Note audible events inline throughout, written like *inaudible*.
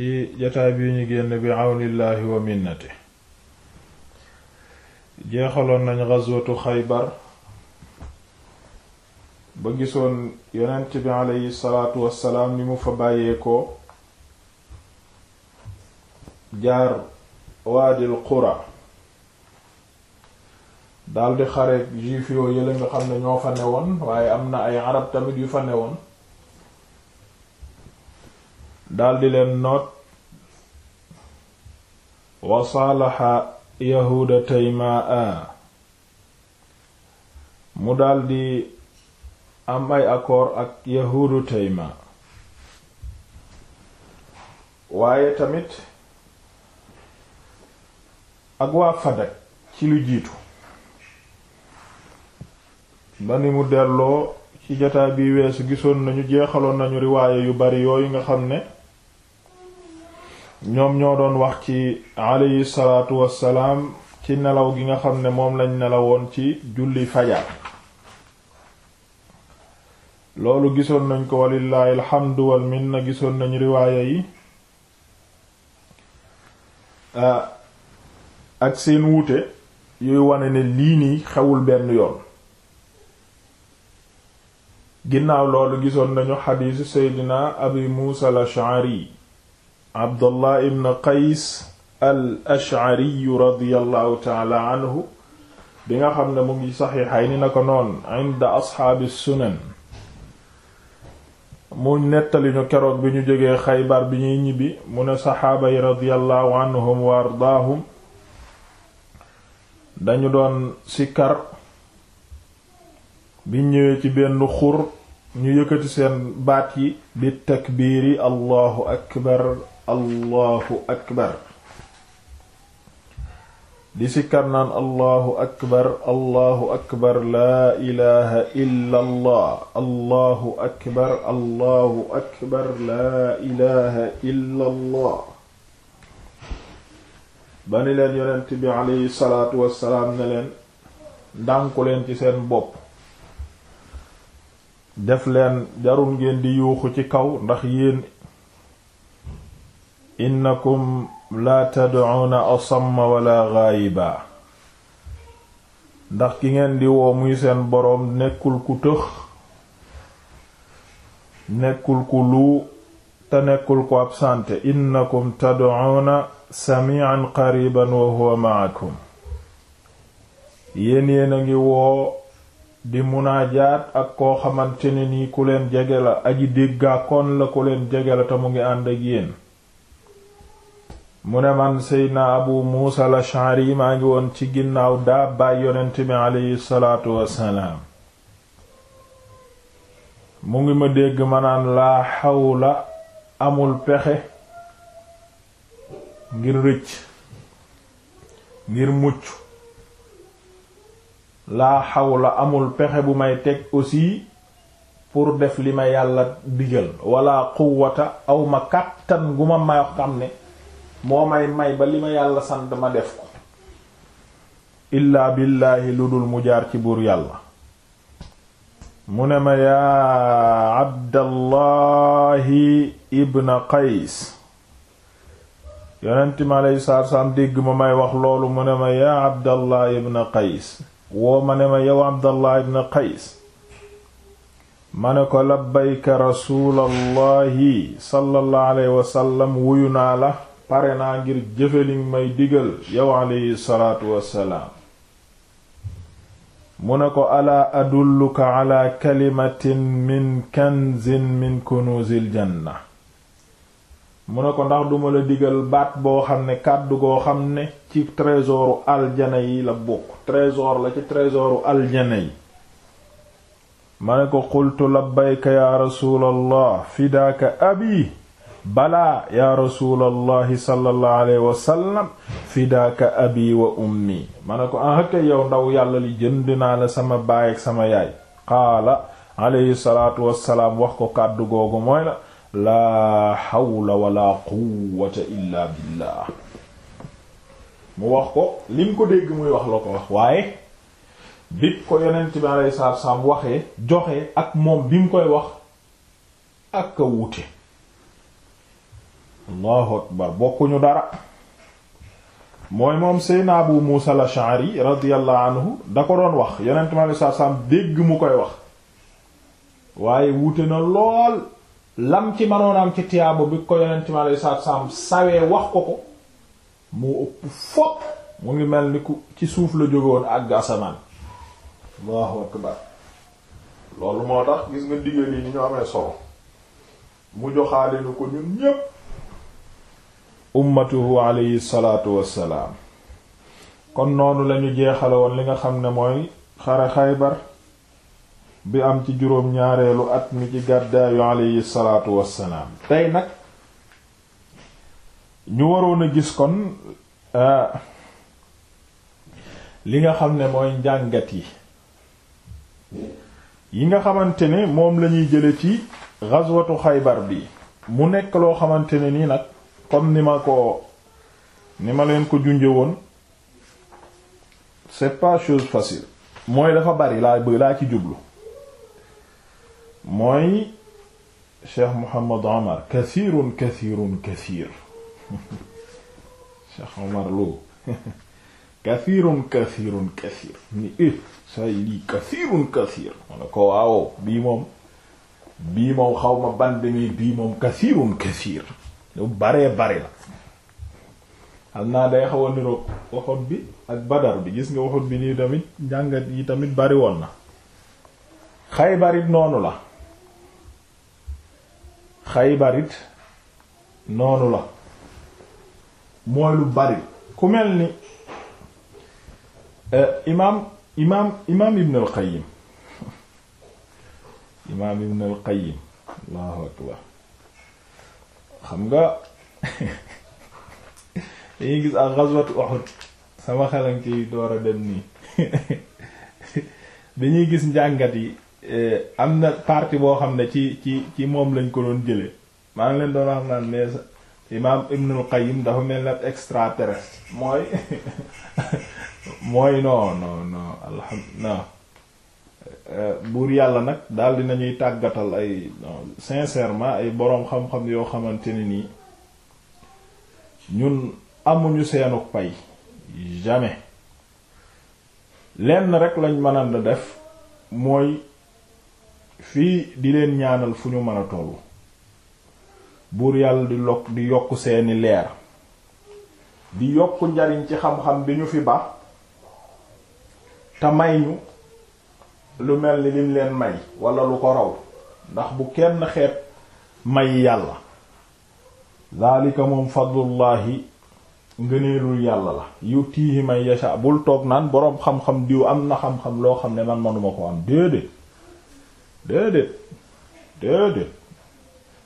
ci jataay bi ñu génn bi àwnillaahi wa minnati jeexaloon nañ gazwatu xaybar ba gisoon yonent bi aleyhi salaatu wassalaam ni mu fa bàyyeekoo jaar waadil qura daldi xare juif yoo yële nga xam ne ñoo fa newoon waaye am na ay arab tamit yu fa newoon daldi leen noot wa saalaxa yahuuda taymaa mu daldi am ay accord ak yahuudu taymaa waaye tamit ak waa Fadak ci lu jiitu ba ni mu delloo ci jotaay bi weesu gisoon nañu jeexaloon nañu riwaaye yu bari yooyu nga xam ne ñoom ñoo doon wax ci alayhi salaatu wassalaam ci nelaw gi nga xam ne moom lañ nelawoon ci julli fajar loolu gisoon nañ ko walillaahi alxamdu wal minna gisoon nañu riwaaya yi ah, ak seen wuute yooyu wane ne lii nii xewul benn yoon ginnaaw loolu gisoon nañu xadiisu seydina abi muusa al ash'ari abdullah ibn qays al ash'ari radiyallahu taala bi nga xam ne mu ngi saxiixay ni na ko noon inda asxaabi sunan mu nettali ñu keroog bi ñu jógee xaybar bi ñuy ñibbi mu ne saxaaba yi radiyallahu wa ardaahum dañu doon sikkar bi ñëwee ci benn xur ñu yëkkati seen baat yi bi takbiiri allahu akbar allahu akbar di sikkar naan allahu akbar allahu akbar laa ilaha illa allahu akbar allahu akbar laa ilaha illa allah bani leen yonent bi aleyhi salaatu wassalaam ne leen ndànku leen ci seen bopp def leen jarul ngeen di yuuxu ci kaw ndax yéen innakum la tad'una asamma wala ghaiba ndax ki ngeen di woo muy seen boroom nekkul ku tëx nekkul ku lu te nekkul ku absente innakum tad'una sami'an qariban wa huwa ma'akum yéen yéen a ngi woo di munaajaat ak koo xamante ne nii ku leen jege la aji déggaakoon la ku leen jege la te mu ngi ànd ak yéen mu ne man seydna abu muusa al-ash'ari maa ngi woon ci ginnaaw daabbaay yonent bi aleyhi salaatu wassalaam mu ngi ma dégg ma naan laa xawla amul pexe ngir rëcc ngir mucc laa xawla amul pexe bu may teg aussi pour def li ma yàlla digal walla quwwata aw kàttan gu ma may xam ne moo may may ba li ma yàlla sant ma def ko illaa billaahi lu dul mu jaar ci buur yàlla mu ne ma yaa abdallahi ibn qays yonent mi aleyhi dégg ma may wax loolu mu ne ma yaa abdallah ibn qays woo ma ne ma yow abdallah ibn qays ma ne ko labbayka rasuulallahi sallallahu alayhi wasallam wuyu naa la pare naa ngir jëfeling may digal yow aleyhi salaatu wassalaam mu ne ko alaa adulluka ala kalimatin min kanzin min kunuuzil janna mu ne ko ndax duma la digal baat boo xam ne kàddu goo xam ne ci trésoru aljana yi la bokk trésor la ci trésoru aljana yi ma ne ko qultu labbayka ya rasuulallah fidaaka abi balaa yaa rasulallahi sallallahu alayhi wa sallam fidaaka abi wa ummi ma ne ko ah yow ndaw yàlla li jënd naa la sama baay ak sama yaay qaala alayhi salaatu wassalaam wax ko kàddu googu mooy la laa hawla wala quwwata illa billah mu wax ko lim ko dégg muy wax la ko wax waaye bi ko yonent bi alayhi salaatu wassalaam waxee joxe ak moom bi mu koy wax ak a wuute allahu akbar bokkuñu dara mooy moom Seydina Abu Muusa al-Ash'ari radiyallahu anhu da ko doon wax yonent mi alei dégg mu koy wax waaye wuute na lool lam ci mënoonaam ci tiyaabo bi ko yonent mi alei satu salaam sawee wax ko ko moo ëpp fopp mu ngi mel ni ku ci suuf la jóge woon àgg asamaan allahu akbar loolu moo tax gis nga digal yi ni ñu amee solo mu joxaale nu ko ñun ñépp ummatuhu alayhi salaatu wassalaam kon noonu lañu jeexale woon li nga xam ne mooy xare xaybar bi am ci juróom ñaareelu at mi ci gàddaayu alayhi salaatu wassalaam tey nag ñu waroon a gis kon euh, li nga xam ne mooy njàngat yi yi nga xamante ne moom lañuy jële ci ghazwatu xaybar bi mu nekk loo xamante ne nii nag comme ni ma ko ni ma leen ko junje woon c'est pas chose facile mooy dafa bari laa bëgg laa ci jublu mooy Cheikh Mouhamad Omar kathirun kathirun kathir *laughs* Cheikh Omar Lo *laughs* kathirun kathirun kathir ni i say lii kathirun kathir ko waawo bii moom bii moom xaw ma band mi bii moom kathirun kathir lu baree bari la xam naa day xaw a waxut bi ak badar bi gis nga waxut bi nii tamit njàngat yi tamit bari woon na Xaybar it noonu la Xaybar it noonu la mooy lu bari ku mel ni eh, imaam imaam imaam Ibn al *laughs* imaam Ibn al Allahu akbar xam nga *laughs* dañuy gis ak ghazwat Uhud sama xelam ci door a dem nii *laughs* dañuy gis njàngat yi eh, am na partie boo xam ne ci ci ci moom lañ ko doon jële maa ngi leen doon wax naan mais imaam Ibnul Qayyim dafa mel na extraterrestre mooy *laughs* mooy non non non alhamdulillah Euh, buur yàlla nag daal nañuy tàggatal ay sincèrement ay boroom xam-xam yoo xamante ne nii ñun amuñu seenu pay jamais lenn rekk lañ mënan da def mooy fii di leen ñaanal fu ñu mën a tollu buur yàlla di lokk di yokk seeni leer di yokk njariñ ci xam-xam bi ñu fi ba te ñu lu mel ni lim leen may wala lu ko raw ndax bu kenn xeeb may yàlla daalika moom fadlullahi ngëneelul yàlla la yutihi man yasha bul toog naan boroom xam-xam diw am na xam-xam loo xam ne man manuma ko am déedéet déedéet déedéet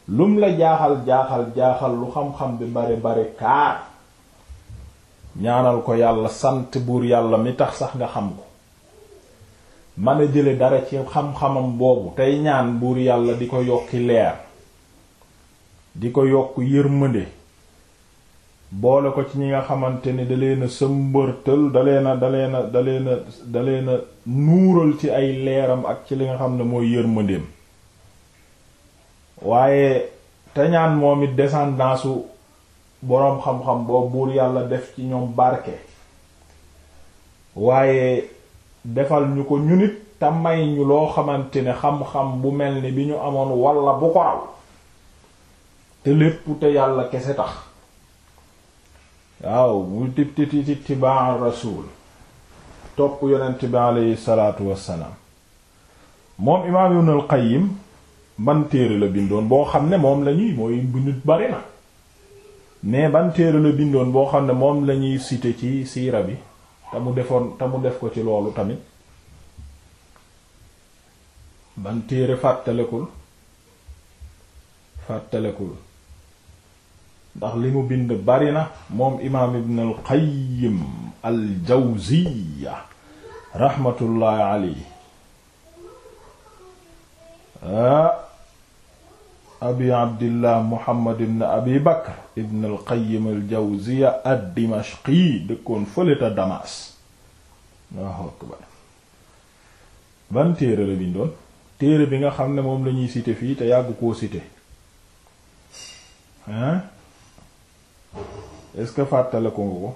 lum la jaaxal jaaxal jaaxal lu xam-xam bi bari bari kaar ñaanal ko yàlla sant buur yàlla mi tax sax nga xam ko man a jële dara ci xam-xamam boobu tey ñaan buur yàlla di ko yokki leer di ko yokk yërmande boole ko ci ñi nga xamante ni da leen a sëmbërtël da nuural ci ay leeram ak ci li nga xam ne mooy yërmandeem waaye te ñaan moom it descendance boroom xam-xam boobu buur yàlla def ci ñoom barke waaye defal ñu ko ñu nit te ñu loo xamante ne xam-xam bu mel ni bi ñu amoon walla bu ko raw te lépp te yàlla kese tax waaw mu tititi ittibaa rasul topp yonent bi aleyhi salaatu wassalaam moom imaam ibn al qayyim ban la bindoon boo xam ne moom lañuy mooy bindu bari na mais ban la bindoon boo xam ne moom lañuy citer ci siira bi te mu defoon te mu def ko ci loolu tamit ban téere fàttalekul fàttalekul ndax li mu bind bari na moom imaam ibn al qayyim al jawziya rahmatullahi alayhi ah, abi abdillah muhammad abi bakr ibn al qayyim al jawziya ad dimashqi dëkkoon fële ta damas waaw akbar ban téere la bindoon téere bi nga xam ne moom lañuy cité fii te yàgg koo cité hein est fàttale ko nga ko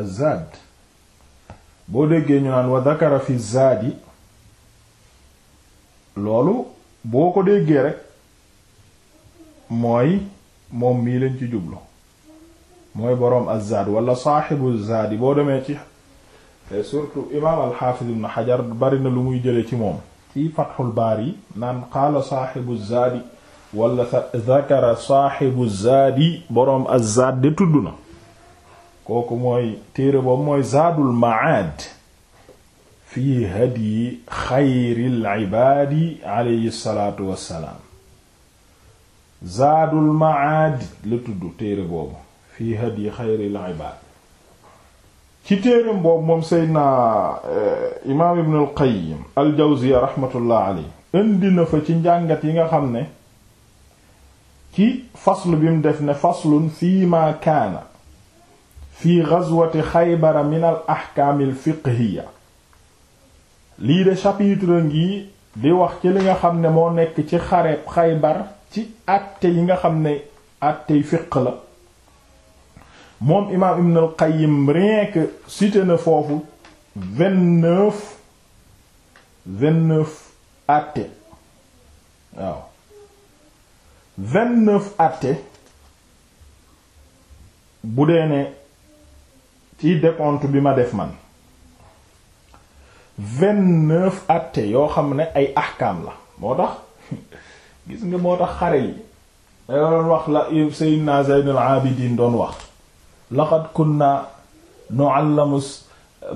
azad boo déggee ñu naan wa dakara fi zaadi loolu boo ko déggee rek mooy moom mii lañ ci jublu mooy boroom azzaad wala saaxibu zaadi boo demee ci eh, surtout imaam alxaafiz ibn xajar bari na lu muy jële ci moom ci fatxul baari naan qaala saaxibu zaadi wala zakara saaxibu boroom azzaad de tudd na kooku mooy téere boobu mooy zaadul maad fi hadyi xayril ibaadi alayhi salaatu wassalaam zaadul maad la tudd téere boobu fi hadyi xayril ibaadi ci téeram boobu moom seydna eh, imaam ibn al qayyim al jawziya rahmatullah aley indi na fa ci njàngat yi nga xam ne ci faslu bi mu def ne faslun fii ma kaana fi gazwati xaybara min al ahkaam al fiqhiya lii de chapitre ngi di wax ci li nga xam ne moo nekk ci xareeb Xaybar ci àtte yi nga xam ne àttey fiq la moom imaam Ibn al-Qayyim rien que cité na foofu vingt-neuf àtte waaw vingt-neuf àtte bu dee ne ci décompte bi ma def man vingt-neuf yoo xam ne ay ahkaam la moo tax gis nga moo tax xare yi danga doon wax la Seydina Zaynul Abidin doon wax laqad kunna nu'allamu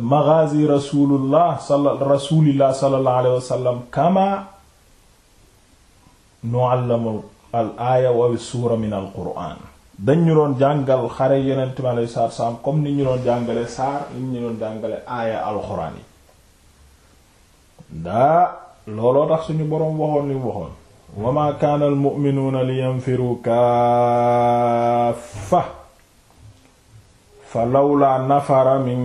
maghazi rasulullah sal rasulillah sallallahu alayhi kama nu'allamu al aaya wa suura min al qur'an dañ ñu doon jàngal xare yeneen mi sa satu salaam comme ni ñu doon jàngale saar ni ñu doon jàngale aaya alxuraan yi daa looloo tax suñu boroom waxoon li mu waxoon wa ma kaana al mu'minuuna li yanfiru kaaffa fa lawla nafara min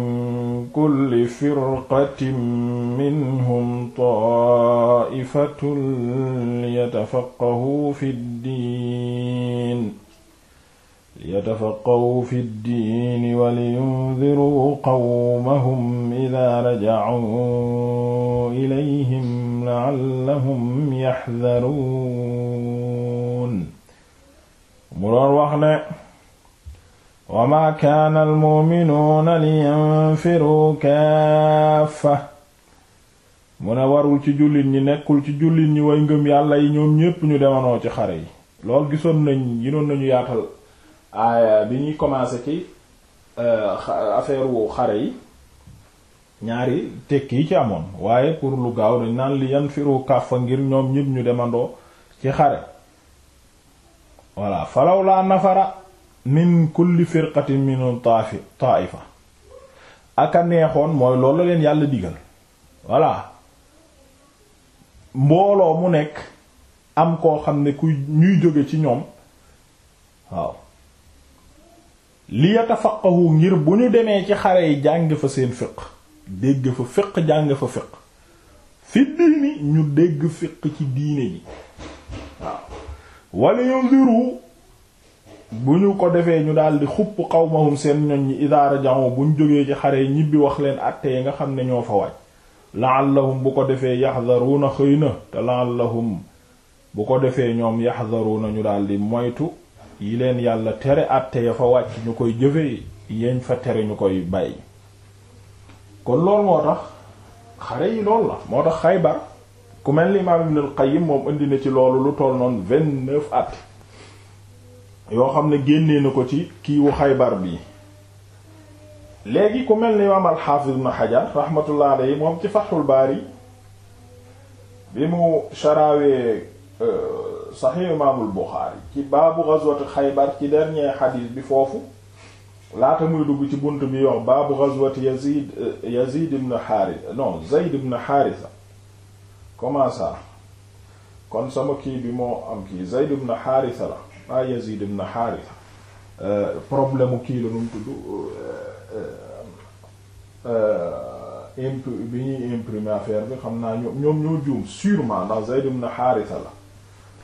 kulli firqatin minhum taa'ifatun liyatafaqqahu fi ddiin liyatafaqqahu fi ddiini wa liyundiruu qawmahum idaa rajacuu ilayhim la'allahum yaxdaruun mu doon wax ne wa maa kaana liyanfiruu kaaffa mu ne warul ci jullit ñi nekkul ci jullit ñi way ngëm yàlla yi ñoom ñépp ñu demanoo ci xare yi lool gisoon nañ ginoon nañu yaatal aaya bi ñuy commencé ci euh, affaire wu xare yi ñaari tekki yi ci amoon waaye pour lu gaaw dañ naan li yan firu kàffa ngir ñoom ñépp ñu demandoo ci xare voilà falaw laa nafara min kulli firqatin minhum taafi taaifa aka neexoon mooy loolu leen yàlla digal voilà mbooloo mu nekk am koo xam ne ku ñuy jóge ci ñoom waaw li yatafaqahu ngir bu ñu demee ci xare yi jàng fa seen fiq dégg fa fiq jàng fa fiq fi diini ñu dégg fiq ci diine ji waaw wala yunziru bu ñu ko defee ñu daldi xupp qawmahum seen ñoñ ñi idha raja'u bu ñu jógee ci xare yi ñibbi wax leen àtte yi nga xam ne ñoo fa waaj la'allahum bu ko defee yahdharuna xëy na te la'allahum bu ko defee ñoom yahdharuna ñu daldi moytu yi leen yàlla tere àtte ya fa wàcc ñu koy jëfe yeñ fa tere ñu koy bàyyi kon loolu moo tax xare yi loolu la moo tax Xaybar ku mel ni imaam Ibn al-Qayyim moom indi na ci loolu lu toll noonu vingt-neuf at yoo xam ne génnee na ko ci kiiwu Xaybar bi léegi ku mel ni imaam al-Hafiz Ibn Hajar rahmatullah moom ci Fathul Bari bi mu sharawee euh, saxiix imaamul Buxaari ci baabu gazwati Xaybar ci dernier xadiis bi foofu laata muy dugg ci bunt bi yox baabu gazwati Yazid Yazid ibn Haarisa non Zayd ibn Haarisa comment kon sama kii bi moo am kii Zayd ibn Haarisa la waa Yazid ibn Haarisa euh, problème u kii la nu mu tudd euh, euh, imp bi ñuy affaire bi xam naa ñoom ñoom ñoo juum sûrement ndax Zayd ibn Haarisa la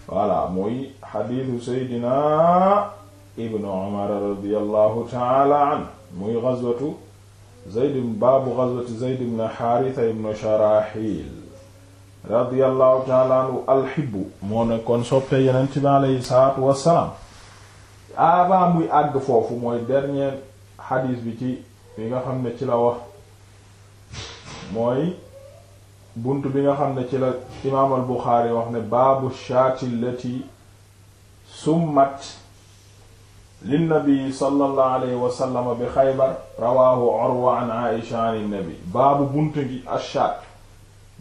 voilà mooy xadiisu seydina ibnu umar radiallahu taala an muy gazwatu zayd baabu gazwati zayd ibn xaarisa ibn sharaxil radiallahu taala anhu alxibbu moo nekkoon soppe yenent bi aleyhi salaatu wassalaam avant muy àgg foofu mooy dernier xadiis bi ci bi nga xam ne ci la wax mooy bunt bi nga xam ne ci la imaam al Buxaari wax ne baabu shaati allati summat linnabi sallallahu alayhi wa bi xaybar rawaahu Urwa an Aisha an nabi baabu bunt gi ashaat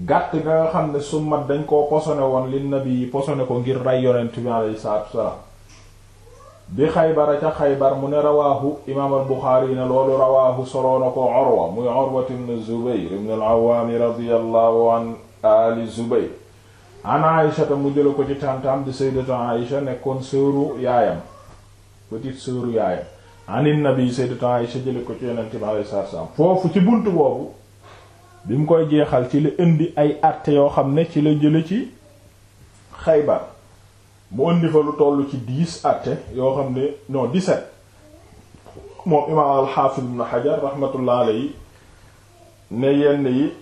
gàtt nga nga xam ne summat dañ koo posone woon linnabi posone ko ngir rey yonent bi alayhi salaatu salaam bi xaybara ca xaybar mu ne rawaahu imaam al buxaari yi ne loolu rawaahu soloona ko orwa muy orwat zubayr ibn awaami radiyallahu an ali zubayr an aïshata mu jëla ko ci tàntaam di sayyidatu aïsha nekkoon sëru yaayam petite sëru yaayam anin nabi sayyidatu aïsha jële ko ci yonent bi alayhi foofu ci bunt boobu bi mu koy jeexal ci la indi ay àtte yoo xam ne ci la jële ci xaybar mu indi fa lu toll ci dix atte yoo xam ne non dix-sept moom imaam alxaafis ibn Hajar rahmatullah alayhi ne yenn yi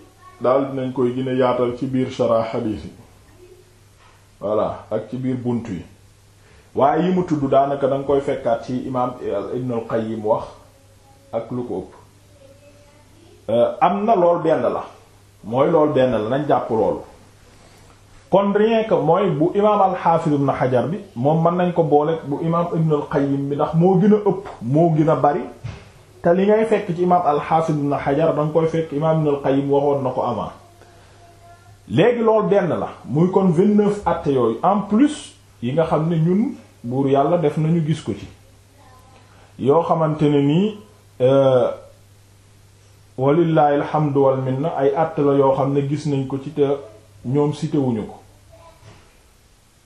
daal dinañ koy gën yaatal ci biir shara xadiis yi voilà ak ci biir bunt yi waaye yi mu tudd daanaka danga koy fekkaat ci imaam Ibn al-Qayyim wax ak lu ko ëpp euh, am na lool benn la mooy lool benn la nañ jàpp loolu kon rien que mooy bu imaam alxaafis na xajar bi moom mën nañ ko boole bu imaam ibn alqayim bi ndax moo gën a ëpp moo gën a bari te li ngay fekk ci imaam alxaafis na xajar danga koy fekk imaam ibn alqayim waxoon na ko avant léegi lool benn la muy kon vingt-neuf at yooyu en plus yi nga xam ne ñun buur yàlla def nañu gis ko ci yoo xamante ne nii euh, walillahi alhamdu wal minna ay att la yoo xam ne gis nañ ko ci te ñoom cité wuñu ko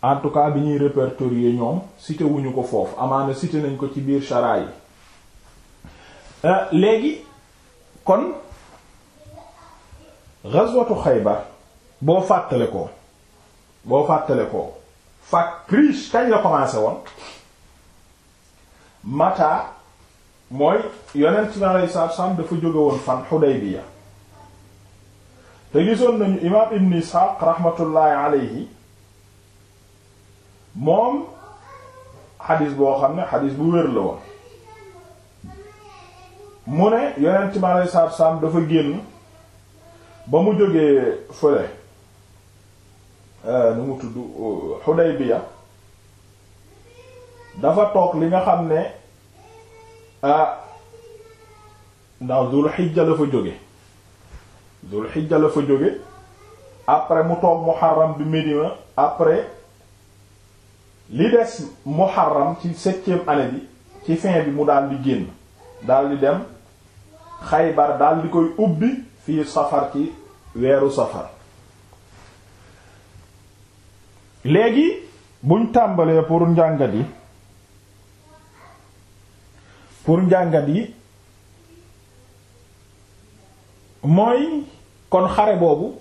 en tout cas bi ñuy répertorier ñoom cité wuñu ko foofu amaana cité nañ ko ci biir chara yi euh, léegi kon ghazwatu Xaybar boo fàttale ko boo fàttale ko fac riche kañ la commencé woon mata mooy yonent mi alei satu salaam dafa jóge woon fan Xudaybiya te gisoon nañu imaam Ibn Isxaaq rahmatullahi alayhi moom xadis boo xam ne xadis bu wér la woon mu ne yonent mi aleyhi salaatu dafa génn ba mu jógee fële euh, nu mu tudd Xudaybiya dafa toog li nga xam ne ah euh, du Dul Xijja la fa jóge Dul Xijja la fa jóge après mu toog Muharram bi Medina après li des muharram ci septième année bi ci fin bi mu daal di génn daldi dem xaybar daldi di koy ubbi fii safar ci weeru safar léegi buñ tàmbalee pour njàngat yi pour njàngat yi mooy kon xare boobu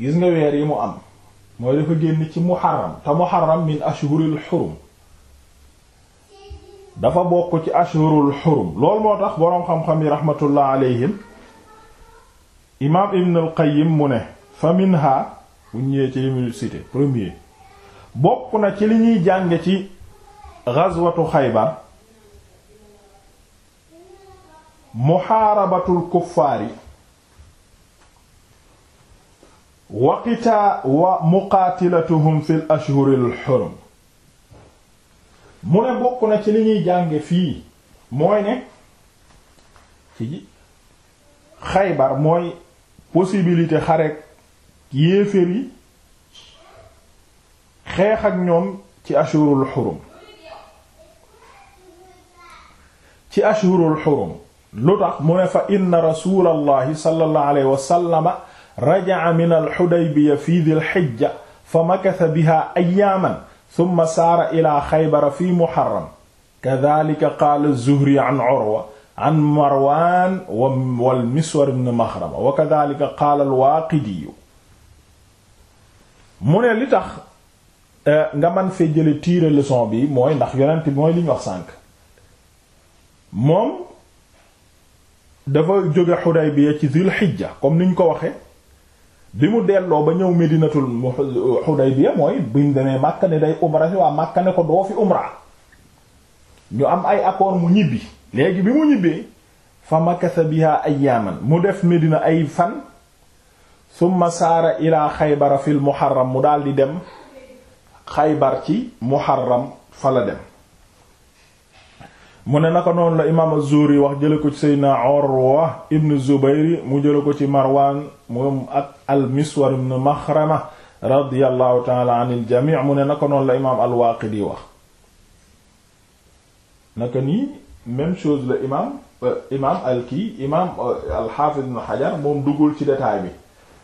gis nga weer yi mu am mooy dafa génn ci muharram te muharram min ashhuril xurum dafa bokk ci ashhurul xurum loolu moo tax boroom xam-xam yi rahmatullah alayhim imaam ibn al mu ne fa minha buñ bokk na ci li ñuy jànge ci ghazwatu xaybar muhaarabatul kuffaari waqitaa wa muqaatilatuhum fil ashhuril hurum mu ne bokk na ci li ñuy jànge fii mooy ne ci xaybar mooy possibilité xareek yéeféer yi xeex ak ñoom ci ashhurul hurum ci ashhurul hurum lu tax mu ne fa inna rasulallahi sallallahu alayhi wa raja'a min al-Hudaybiya fi dhil hijja fa makatha biha ayyaaman thumma saara ila Khaybar fi Muharram kadhalika qaala az-Zuhri an Urwa an Marwan wal Miswar ibn Makhrama wa kadhalika qaala al euh, nga man fee jële tirer leçon bi mooy ndax yonent mooy li ñu wax sànk moom dafa jóge Hudaybiya ci Dhul Hijja comme ni ko waxe bi mu delloo ba ñëw Medinatul Hudaybiya mooy biñ demee Makka ne day umra si waa Makka ne ko doo fi umra ñu am ay accord mu ñibbi léegi bi mu ñibbee fa makasa biha ayyaman mu def Medina ay fan summa saara ila xaybara fil muharram mu daal di dem xaybar ci muharram fa la dem mu ne naka noonu la imaam az-Zuhri wax jële ko ci seydna Urwa ibn Zubayr mu jële ko ci Marwan moom ak al-Miswar ibn Maxrama radiyallahu taala anil jamii mu ne naka noonu la imaam al-Waaqidi wax naka nii même chose la imaam euh, imaam al-kii imaam euh, al-Haafiz ibn Hajar moom duggul ci détail bi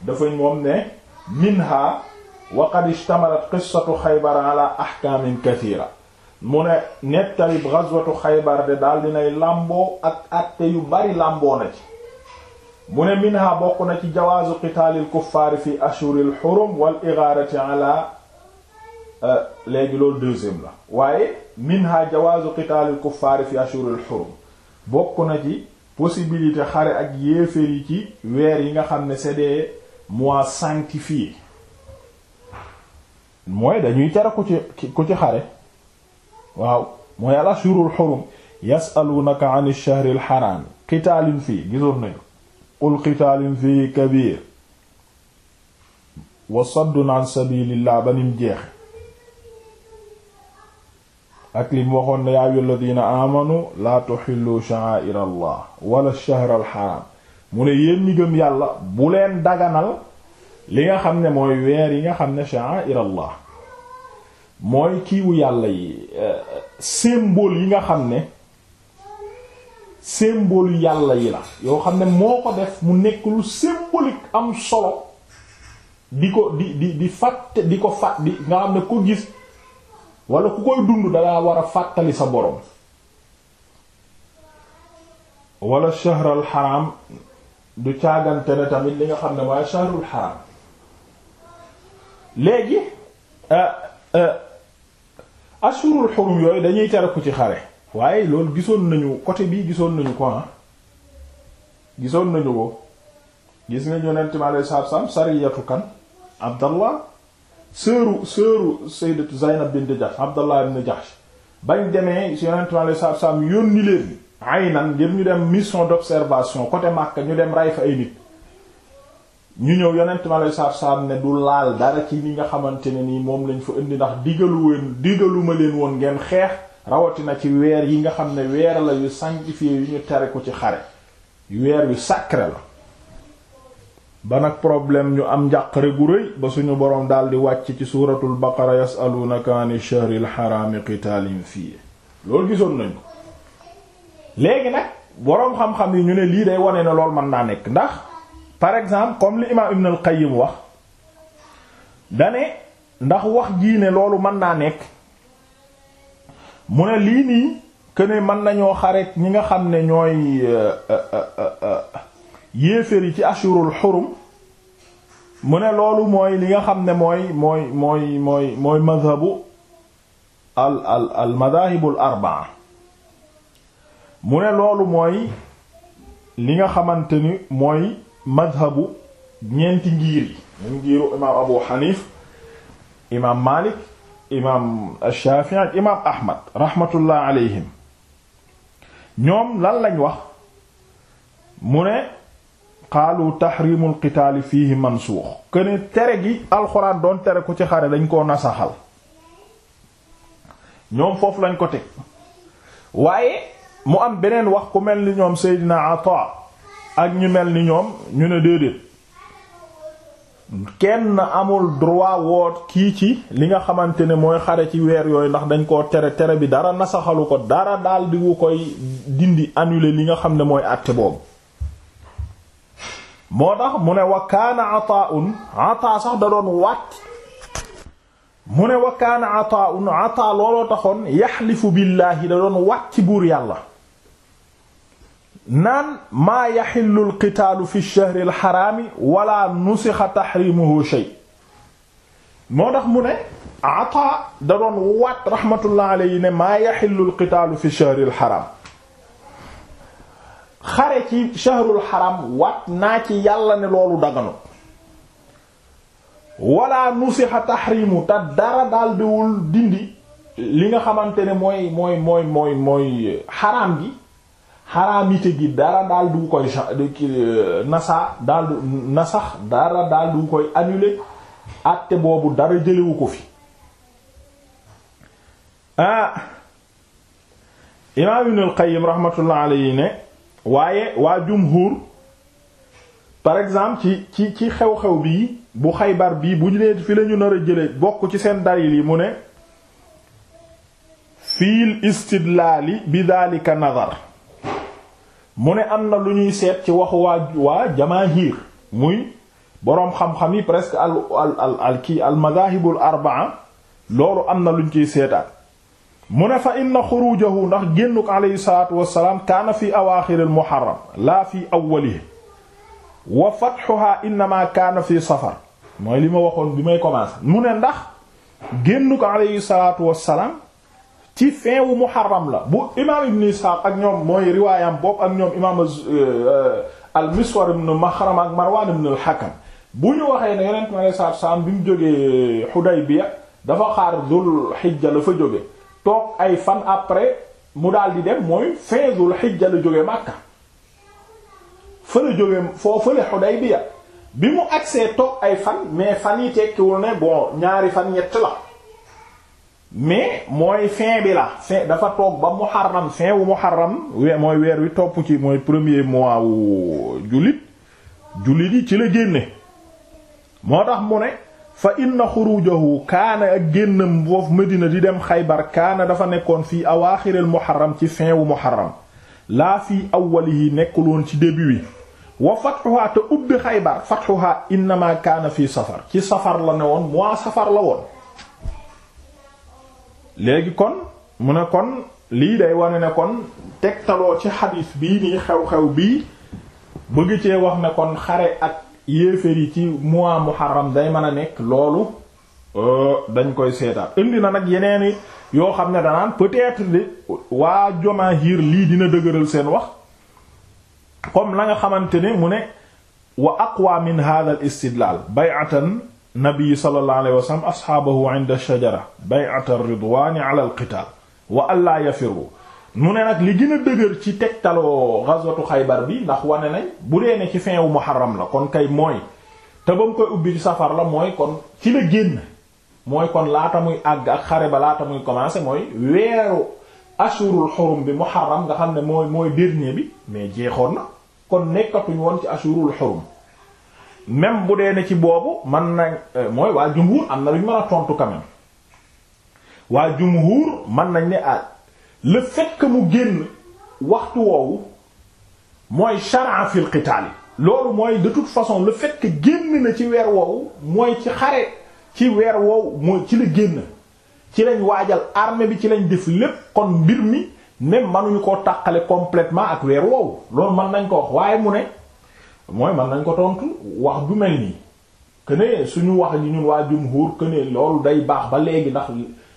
dafa moom ne minha wa qad ishtamalat qissatu Xaybar ala ahkaamin kathiira mu ne nettali ghazwatu Xaybar de daal dinay làmboo ak àtte yu bari làmboo na ci mu ne minha bokk na ci jawaazu qitaalil kuffaari fi ashuril xurum wal ighaarati ala euh, léegi loolu deuxième la waaye minha jawaazu qitaalil kuffaari fi ashuril xurum bokk na ci possibilité xare ak yéeféer yi ci weer yi nga xam ne c'est des mois sanctifiés mooy dañuy tere ku ci ku ci xare waaw mooy al ashurul xurum yasaluunaka an ash-shahri al-xaraam qitaalin fii gisoon nañu qul qitaalin fii kabiir wa saddun an sabilillah banim jeexe ak li waxoon ne yaa ayyuhal ladiina aamanu allah wala ash-shahra mu ne yéen gëm yàlla bu leen daganal li nga xam ne mooy weer yi nga xam ne sha'aa'ira allah mooy kiiwu yàlla yi euh, symbole yi nga xam ne symbole yàlla yi la yoo xam ne moo ko def mu nekk lu symbolique am solo di ko di di di fàtte di ko fàtt di nga xam ne ko gis walla ku koy dund dalaa war a fàttali sa borom wala shahrul haram du caagante ne tamit li nga xam ne waaye shahrul haram léegi euh, euh, ashurul xurum yooyu dañuy tere ku ci xare waaye loolu gisoon nañu côté bii gisoon nañu ko ah gisoon nañu ko gis nga yonent mi alayhi salaatu salaam sariyatu kan abdallah sëru sëru sayyidatu zaynab bint jahsh abdallah ibn jahsh bañ demee si yonent mi alayhi salaatu salaam yónni leen aynan ngir ñu dem mission d'observation côté Makka ñu dem ray fa ay nit ñu ñëw yonent ma lay saaf saaf ne du laal dara ci li nga xamante ne nii moom lañu fa indi ndax digalu leen digalu ma leen woon ngeen xeex rawatina ci weer yi nga xam ne weer la yu sanctifié yu ñu tere ko ci xare weer yu sacré la ba nag problème ñu am njàqare gu rëy ba suñu boroom daldi wàcc ci suuratul baqara yasalunaka ani shahril haraami qitaalin fii loolu gisoon nañ ko léegi nag boroom xam-xam yi ñu ne lii day wone ne loolu mën naa nekk ndax par exemple comme li imaam Ibn al wax dane ndax wax jii ne loolu mën naa nekk mu ne lii nii que mën nañoo xareet ñi nga xam ne ñooy euh, euh, euh, yéeféer yi ci ashurul xurum mu ne loolu mooy li nga xam ne mooy mooy mooy mooy mooy madhabu al al al madahibul arbaa mu ne loolu mooy li nga xamante ni mooy madhabu ñeenti ngiir yi ñun ngiiru imaam abu hanif imaam malik imaam shafii imaam ahmad rahmatullah alayhim ñoom lan lañ wax mu ne qaalu taxrimul qitaali fiihi mansuux kuene tere gi alxuraan doon tere ko ci xare dañ koo nasaxal ñoom foofu lañ ko teg waaye mu am beneen wax ku mel ni ñoom seydina ata ak ñu mel ni ñoom ñu ne déedéet kenn amul droit woot kii ci li nga xamante ne mooy xare ci weer yooyu ndax dañ koo tere tere bi dara nasaxalu ko dara daal wu koy dindi annuler li nga xam ne mooy àtte boobu moo tax mu ne wa kaana ataun sax da doon wàcc mu ne wa kaana ataun ata looloo taxoon yaxlifu billaahi da doon wàcc buur yàlla naan maa yaxillu alqitaalu fi lchahri alxaraami wala nusixa taxrimuhu shay moo tax mu ne ataa da doon waat rahmatullah alayhi ne maa yaxillu alqitaalu fi lchahri alxaraam xare ci chahrul xaram waat naa ci yàlla ne loolu daganu wala nusixa taxrimu te dara daldiwul dindi li nga xamante ne mooy mooy mooy mooy mooy xaraam gi xaraamite gi dara daal du koy euh, nasa daal du nasax dara daal du koy annuler àtte boobu dara jëlewu ko fi ah imaam Ibn al-Qayyim rahmatullah alayhi ne waaye waa jumhur par exemple ci ci ci xew-xew bii bu xaybar bii bu ñu nee fi la ñu a jële bokk ci seen dalil yi mu ne fiil istidlaali bi daalika nazar mu ne am na lu ñuy seet ci waxu waa waa jamaahiir muy boroom xam-xam yi presque al al al kii al madahibul loolu am na luñ ciy seetaat mu ne fa inna xurujahu ndax génnuk aleyhi salaatu wassalaam kaana fi awaaxir al muharram laa fi awwalihi wa fatxuha innama kaana fi safar mooy li ma waxoon bi may commencé mu ne ndax génnuk aleyhi salaatu wassalaam ci fin wu muharram la bu imaam ibn Isxaaq ak ñoom mooy riwaayam bopp ak ñoom imaam euh, euh, al-Miswar ibn Maxram ak Marwaan ibn al-Hakam bu ñu waxee ne yonent mi alayhi salaatu wa salaam bi mu jógee Xudaybiya dafa xaar Dul Xijja la fa jóge toog ay fan après mu daal di dem mooy fin Dul Xijja la jóge Makka fa la jóge foo fële Xudaybiya bi mu agsee toog ay fan mais fan yi tekkiwul ne bon ñaari fan ñett la mais mooy fin bi la fin dafa toog ba muharram fin wu muharram we mooy weer wi topp ci mooy premier mois wu jullit jullit yi ci la génne moo tax mu ne fa inna xurujahu kaana ak génnam ma dina di dem Xaybar kaana dafa nekkoon fii awaaxiril muharram ci fin wu muharram laa fii awwalihi nekkuloon ci début wi wa fatxuhaa te ubbi Xaybar fatxuhaa innamaa kaana fii safar ci safar la ne woon mois safar la woon léegi kon mu ne kon lii day wane ne kon tegtaloo ci xadiis bii nii xew-xew bii bëgg cee wax ne kon xare ak yéeféer yi ci mois muharram day mën a nekk loolu euh, dañ koy seetaat indi na nag yeneeni yoo xam ne danaan peut-être de waa jomaahiir lii dina dëgëral seen wax comme la xamante ne mu ne wa aqwa min hadha al bay'atan nabi sallallahu alayhi wa sallam asxaabahu inda shajara bay'at ar-ridwaan ala wa allaa yafiru mu ne nag li gën a dëgër ci tegtaloo ghazwatu xaybar bi ndax wane nañ bu dee ne ci fin wu muharram la kon kay mooy te ba mu koy ubbi ci safar la mooy kon ci la génn mooy kon laata muy àgg ak xare ba laata muy commencé mooy weeru ashurul xurum bi muharram nga xam ne mooy mooy dernier bi mais jeexoon na kon nekkatuñ woon ci ashurul xurum même bu dee ne ci boobu man nañ euh, mooy waa jumhur am na lu ñu mën a tontu quand waa jumhur man nañ ne ah le fekk que mu génn waxtu woowu mooy shar'a fil qital loolu mooy de toute façon la fekk génn na ci weer woowu mooy ci xare ci weer woowu moo ci la génn ci lañ waajal armée bi ci lañ def lépp kon mbir mi même mënuñu koo tàqale completement ak weer woowu loolu mën nañ ko wax waaye mu ne mooy mën nañ ko tontu wax bu mel nii que suñu wax ji waa jumhur que loolu day baax ba léegi ndax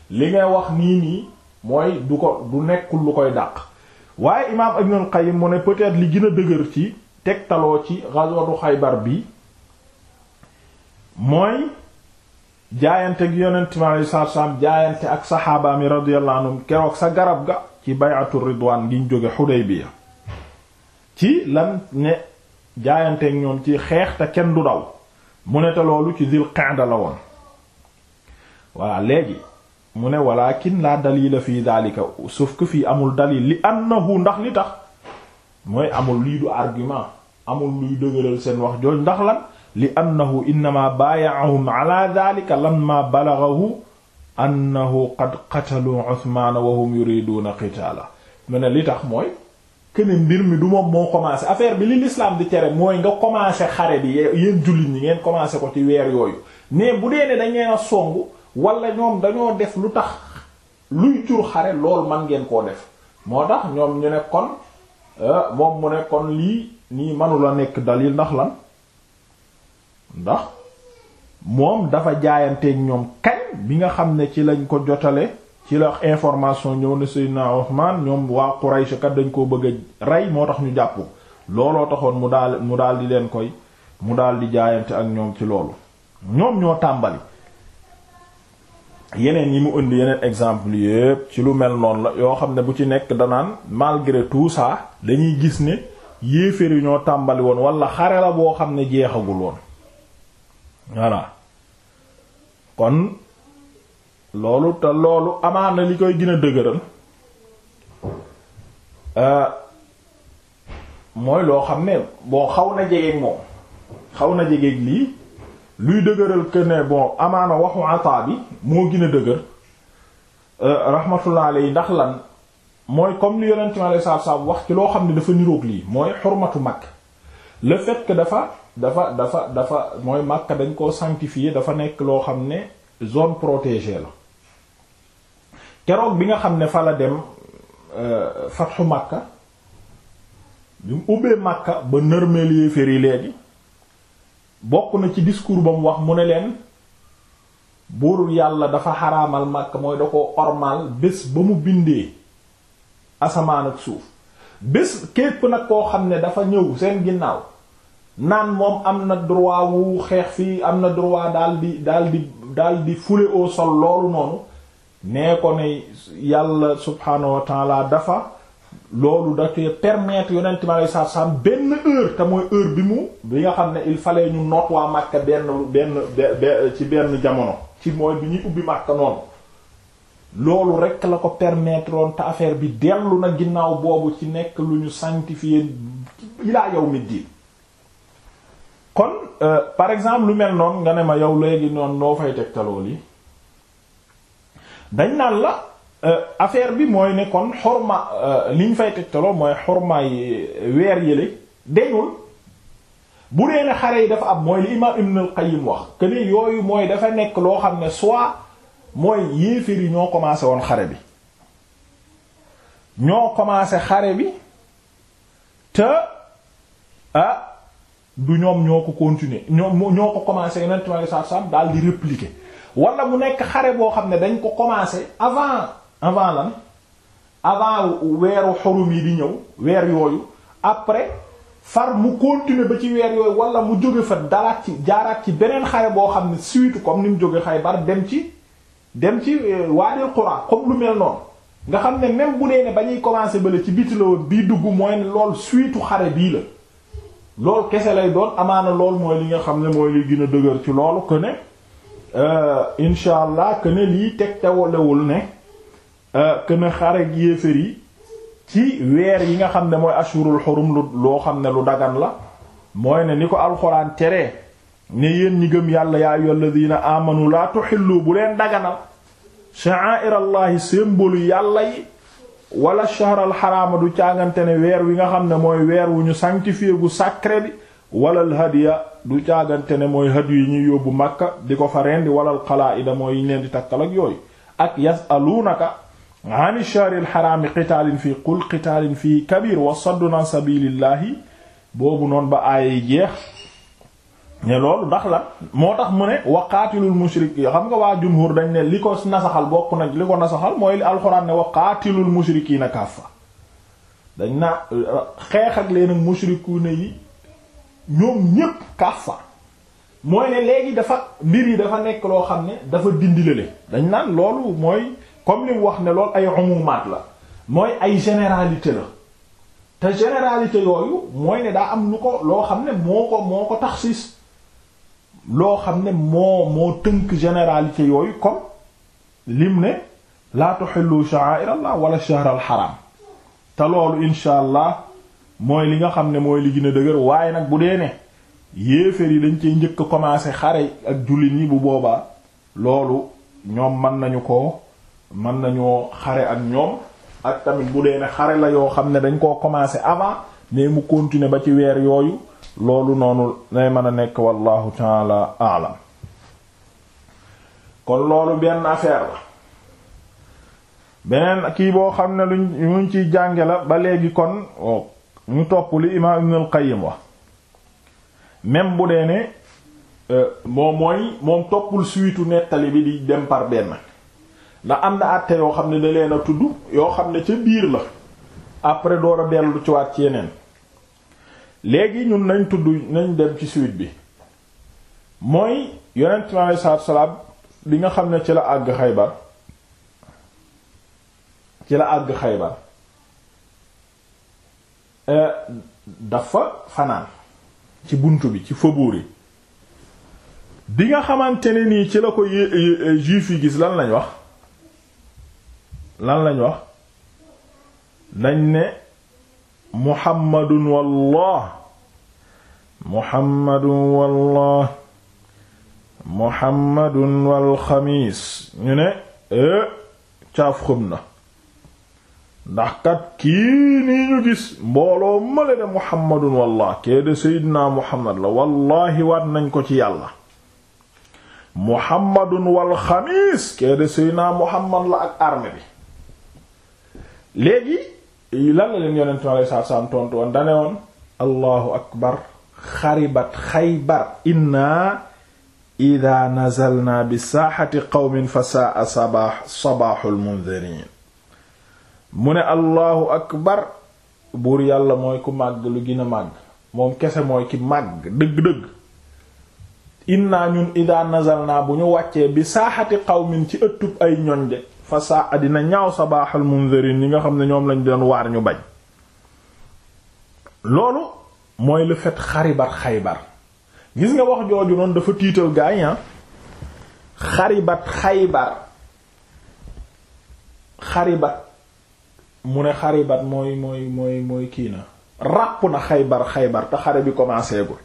li ngay wax nii nii mooy du ko du nekkul lu koy dàq waaye imaam Ibn al-Qayyim mu ne peut li gën a dëgër ci tegtaloo ci ghazwatu Xaybar bi mooy jaayante gi yonent mi alayhi salaatu jaayante ak saxaaba mi radiyallahu keroog sa garab ga ci bay'atu ridwaan gi ñu jóge Xudaybiya ci la ne jaayanteeg ñoom ci xeex kenn du daw mu ne te loolu ci zil qa'da la woon voilà léegi mu ne walakin la dalila fi daalika sauf que fii amul dalil li annahu ndax li tax mooy amul lii du argument amul luy dëgëral seen wax jooj ndax lan li annahu innama baaya'ahum ala daalika lamma balaghahu annahu qad qatalu Usmaan wa hum yuriduuna qitaala mu ne li tax mooy ne mbir mi du moom moo commencé affaire bi li l'islam di tere mooy nga commencé xare bi yéen jullit ñi ngeen commencé ko ci weer yooyu mais bu dee ne dañ leen a wala ñoom dañoo def lu tax luy jur xare lool man ngeen koo def moo tax ñoom ñu ne kon euh, moom mu ne kon lii nii manula nekk dalil ndax lan ndax moom dafa jaayanteeg ñoom kañ bi nga xam ne ci lañ ko jotale ci la information ñëw ne Seydina ñoom waa Quraysh kat dañ koo bëgg rey moo tax ñu jàpp looloo taxoon mu dal mu daal di leen koy mu daal di jaayante ak ñoom ci loolu ñoom ñoo tàmbali yeneen yi mu indi yeneen exemple yépp ci lu mel noonu la yoo xam ne bu ci nekk danaan malgré tout ça dañuy gis ne yéeféer ñoo tàmbali woon wala xare la boo xam ne jeexagul woon voilà kon loolu te loolu amaana li koy gën a dëgëral euh, mooy loo xam ne boo xaw na jegeeg moom xaw na jegeeg lii luy dëgëral que ne bon amaana waxu ataa bi moo gën dëgër euh, rahmatullah alayhi ndax lan mooy comme li yonent mi alayhi salaatu salaam wax ci loo xam ne dafa niroog lii mooy xormatu mag le fait dafa dafa dafa dafa mooy Makka dañ koo sanctifié dafa nekk loo xam ne zone protégée la keroog bi nga xam ne fala dem euh, fatxu Makka bi mu ubbee Makka ba nërmeel yéeféer yi léegi bokk na ci discours ba mu wax mu ne leen buur yàlla dafa xaramal Makka mooy da ko ormaal bés ba mu bindee asamaan ak suuf bés képp nag koo xam ne dafa ñëw seen ginnaaw naan moom am na droit xeex fii am na droit daal di daal di daal di foulé au sol loolu noonu nee ko ne yàlla subhaanahu wa taala dafa loolu da koy permettre yonent mi alei satu salaam benn heure te mooy heure bi mu bi nga xam ne il fallait ñu noot waa Makka benn benn benn jamono ci mooy bi ñuy ubbi Makka noonu loolu rekk la ko permettre te affaire bi dellu na ginnaaw boobu ci nekk lu ñu sanctifié ilaa yawmi diin kon euh, par exemple lu mel noonu nga ne ma yow léegi noonu noo fay tegtaloo li dañ naan la euh, affaire bi mooy ne kon xorma euh, li ñu fay tegtaloo mooy yi euh, weer yi yële deñul bu dee ne xare yi dafa am mooy li imaam Ibn al-Qayyim wax que ni yooyu mooy dafa nekk loo xam ne soit mooy yéeféer yi ñoo commencé woon xare bi ñoo commencé xare bi te ah du ñoom ñoo ko continuer ñoom ñoo ko commencé yeneen trois cent daal di répliquer. wala mu nekk xare boo xam ne dañ ko commencé avant avant lan avant weeru xorum yi di ñëw weer yooyu après far mu continuer ba ci weer yooyu wala mu jóge fa dalaat ci jaaraat ci beneen xare boo xam ne suite comme ni mu jóge Xaybar dem ci dem ci euh, Wâdil Qourâ comme lu mel noonu nga xam ne même bu nee ne ba ñuy commencé bale ci biti bii dugg mooy ne lool suite xare bii la loolu kese lay doon amaana lool mooy li nga xam ne mooy li gën a dëgër ci loolu que ne Euh, incha allah que ne lii teg tawalewul ne euh, que ne xare yéefér yi ci weer yi nga xam ne mooy ashurul xurum lu loo xam ne lu dagan la mooy ne ni ko alxuraan teree ne yéen ñi gëm yàlla yaa ayyuhal ladina amanu laa tuxillu bu leen daganal yàlla yi wala shahr xaraama du càngante ne weer wi nga xam ne mooy weer wu ñu sanctifié gu sacré bi walal hadiya du caagante ne mooy hadiyu yi ñuy yóbbu Makka di ko fa rendi walal xalaa'ida mooy yi leen di takkal yooyu ak yasaluunaka ani shahril xaraami qitaalin fii qul fii kabir wa saddun an sabilillahi boobu noonu ba aaya yi jeex ne loolu ndax lan moo tax mu ne waqaatilul mushrikiin xam nga waa jumhur dañ ne li ko nasaxal bokk nañ li ko nasaxal mooy li alxuraan ne waqaatilul mushrikiina kaffa dañ na xeex ak leen ak yi ñoom ñépp kaffa mooy ne léegi dafa mbir yi dafa nekk loo xam ne dafa dindi lële dañ naan loolu mooy comme li wax ne lool ay umumaat la mooy ay généralité la te généralité yooyu mooy ne daa am nu ko loo xam ne moo ko moo ko taxsiis loo xam ne moo moo tënk généralité yooyu comme lim ne laa tuxillu sha'a'ir Allah wala shahr haram te loolu insha mooy li nga xam ne mooy li gën a dëgër waaye nag bu dee ne yéeféer yi dañ cay njëkk a commencé xare ak jullit yi bu boobaa loolu ñoom mën nañu ko mën nañu xare ak ñoom ak tamit bu dee ne xare la yoo xam ne dañ koo commencé avant mais mu continuer ba ci weer yooyu loolu noonu lay mën a nekk wallahu taala alam kon loolu benn affaire la beneen kii boo xam ne luñ luñ ciy jànge la ba léegi kon oh, ñu topp lu imaam Ibn al wa wax même bu dee ne euh, moom mooy moom toppul suitu nettali bi di dem par benn ndax am na àtte yoo xam ne da leen a tudd yoo xam ne ci biir la après door a dellu ci waat ci yeneen léegi ñun nañ tudd nañ dem ci suite bi mooy yonent mi alei salaam bi nga xam ne ci la àgg Xaybar ci la àgg Xaybar dafa fanaan ci bunt bi ci faubourg yi bi nga xamante ne nii ci la ko juif yi gis lan lañ wax lan lañ wax dañ ne muhammadun wallah muhammadun wallah muhammadun wal xamiis ñu ne eh, caaf xëm na ndax kat kii nii ñu gis mbooloo male de muhammadun wallah kee de muhammad la wallahi waat nañ ko ci yàlla muhammadun wal xamiis kee de muhammad la ak arme bi lan la leen yonentu Yàlla saa saam tontu allahu akbar xaribat xaybar inna ida nazalna bi saaxati qawmin fa saa sabaaxul munziriin mu ne allahu akbar buur yàlla mooy ku màgg lu gën a màgg moom kese mooy ki màgg dëgg-dëgg naa ñun ida nazal naa bu ñu wàccee bi saaxati qawmin ci ëttub ay ñoñ de fa saa adina ñaaw sabaaxal munzirin yi nga xam ne ñoom lañu doon waar ñu bañ loolu mooy le fait xaribat xaybar gis nga wax jooju noonu dafa tiital gaaña ah. xaribat xaybar xaribat mu ne xaribat mooy mooy mooy mooy kii na ràpp na xaybar xaybar te xare bi commencé ko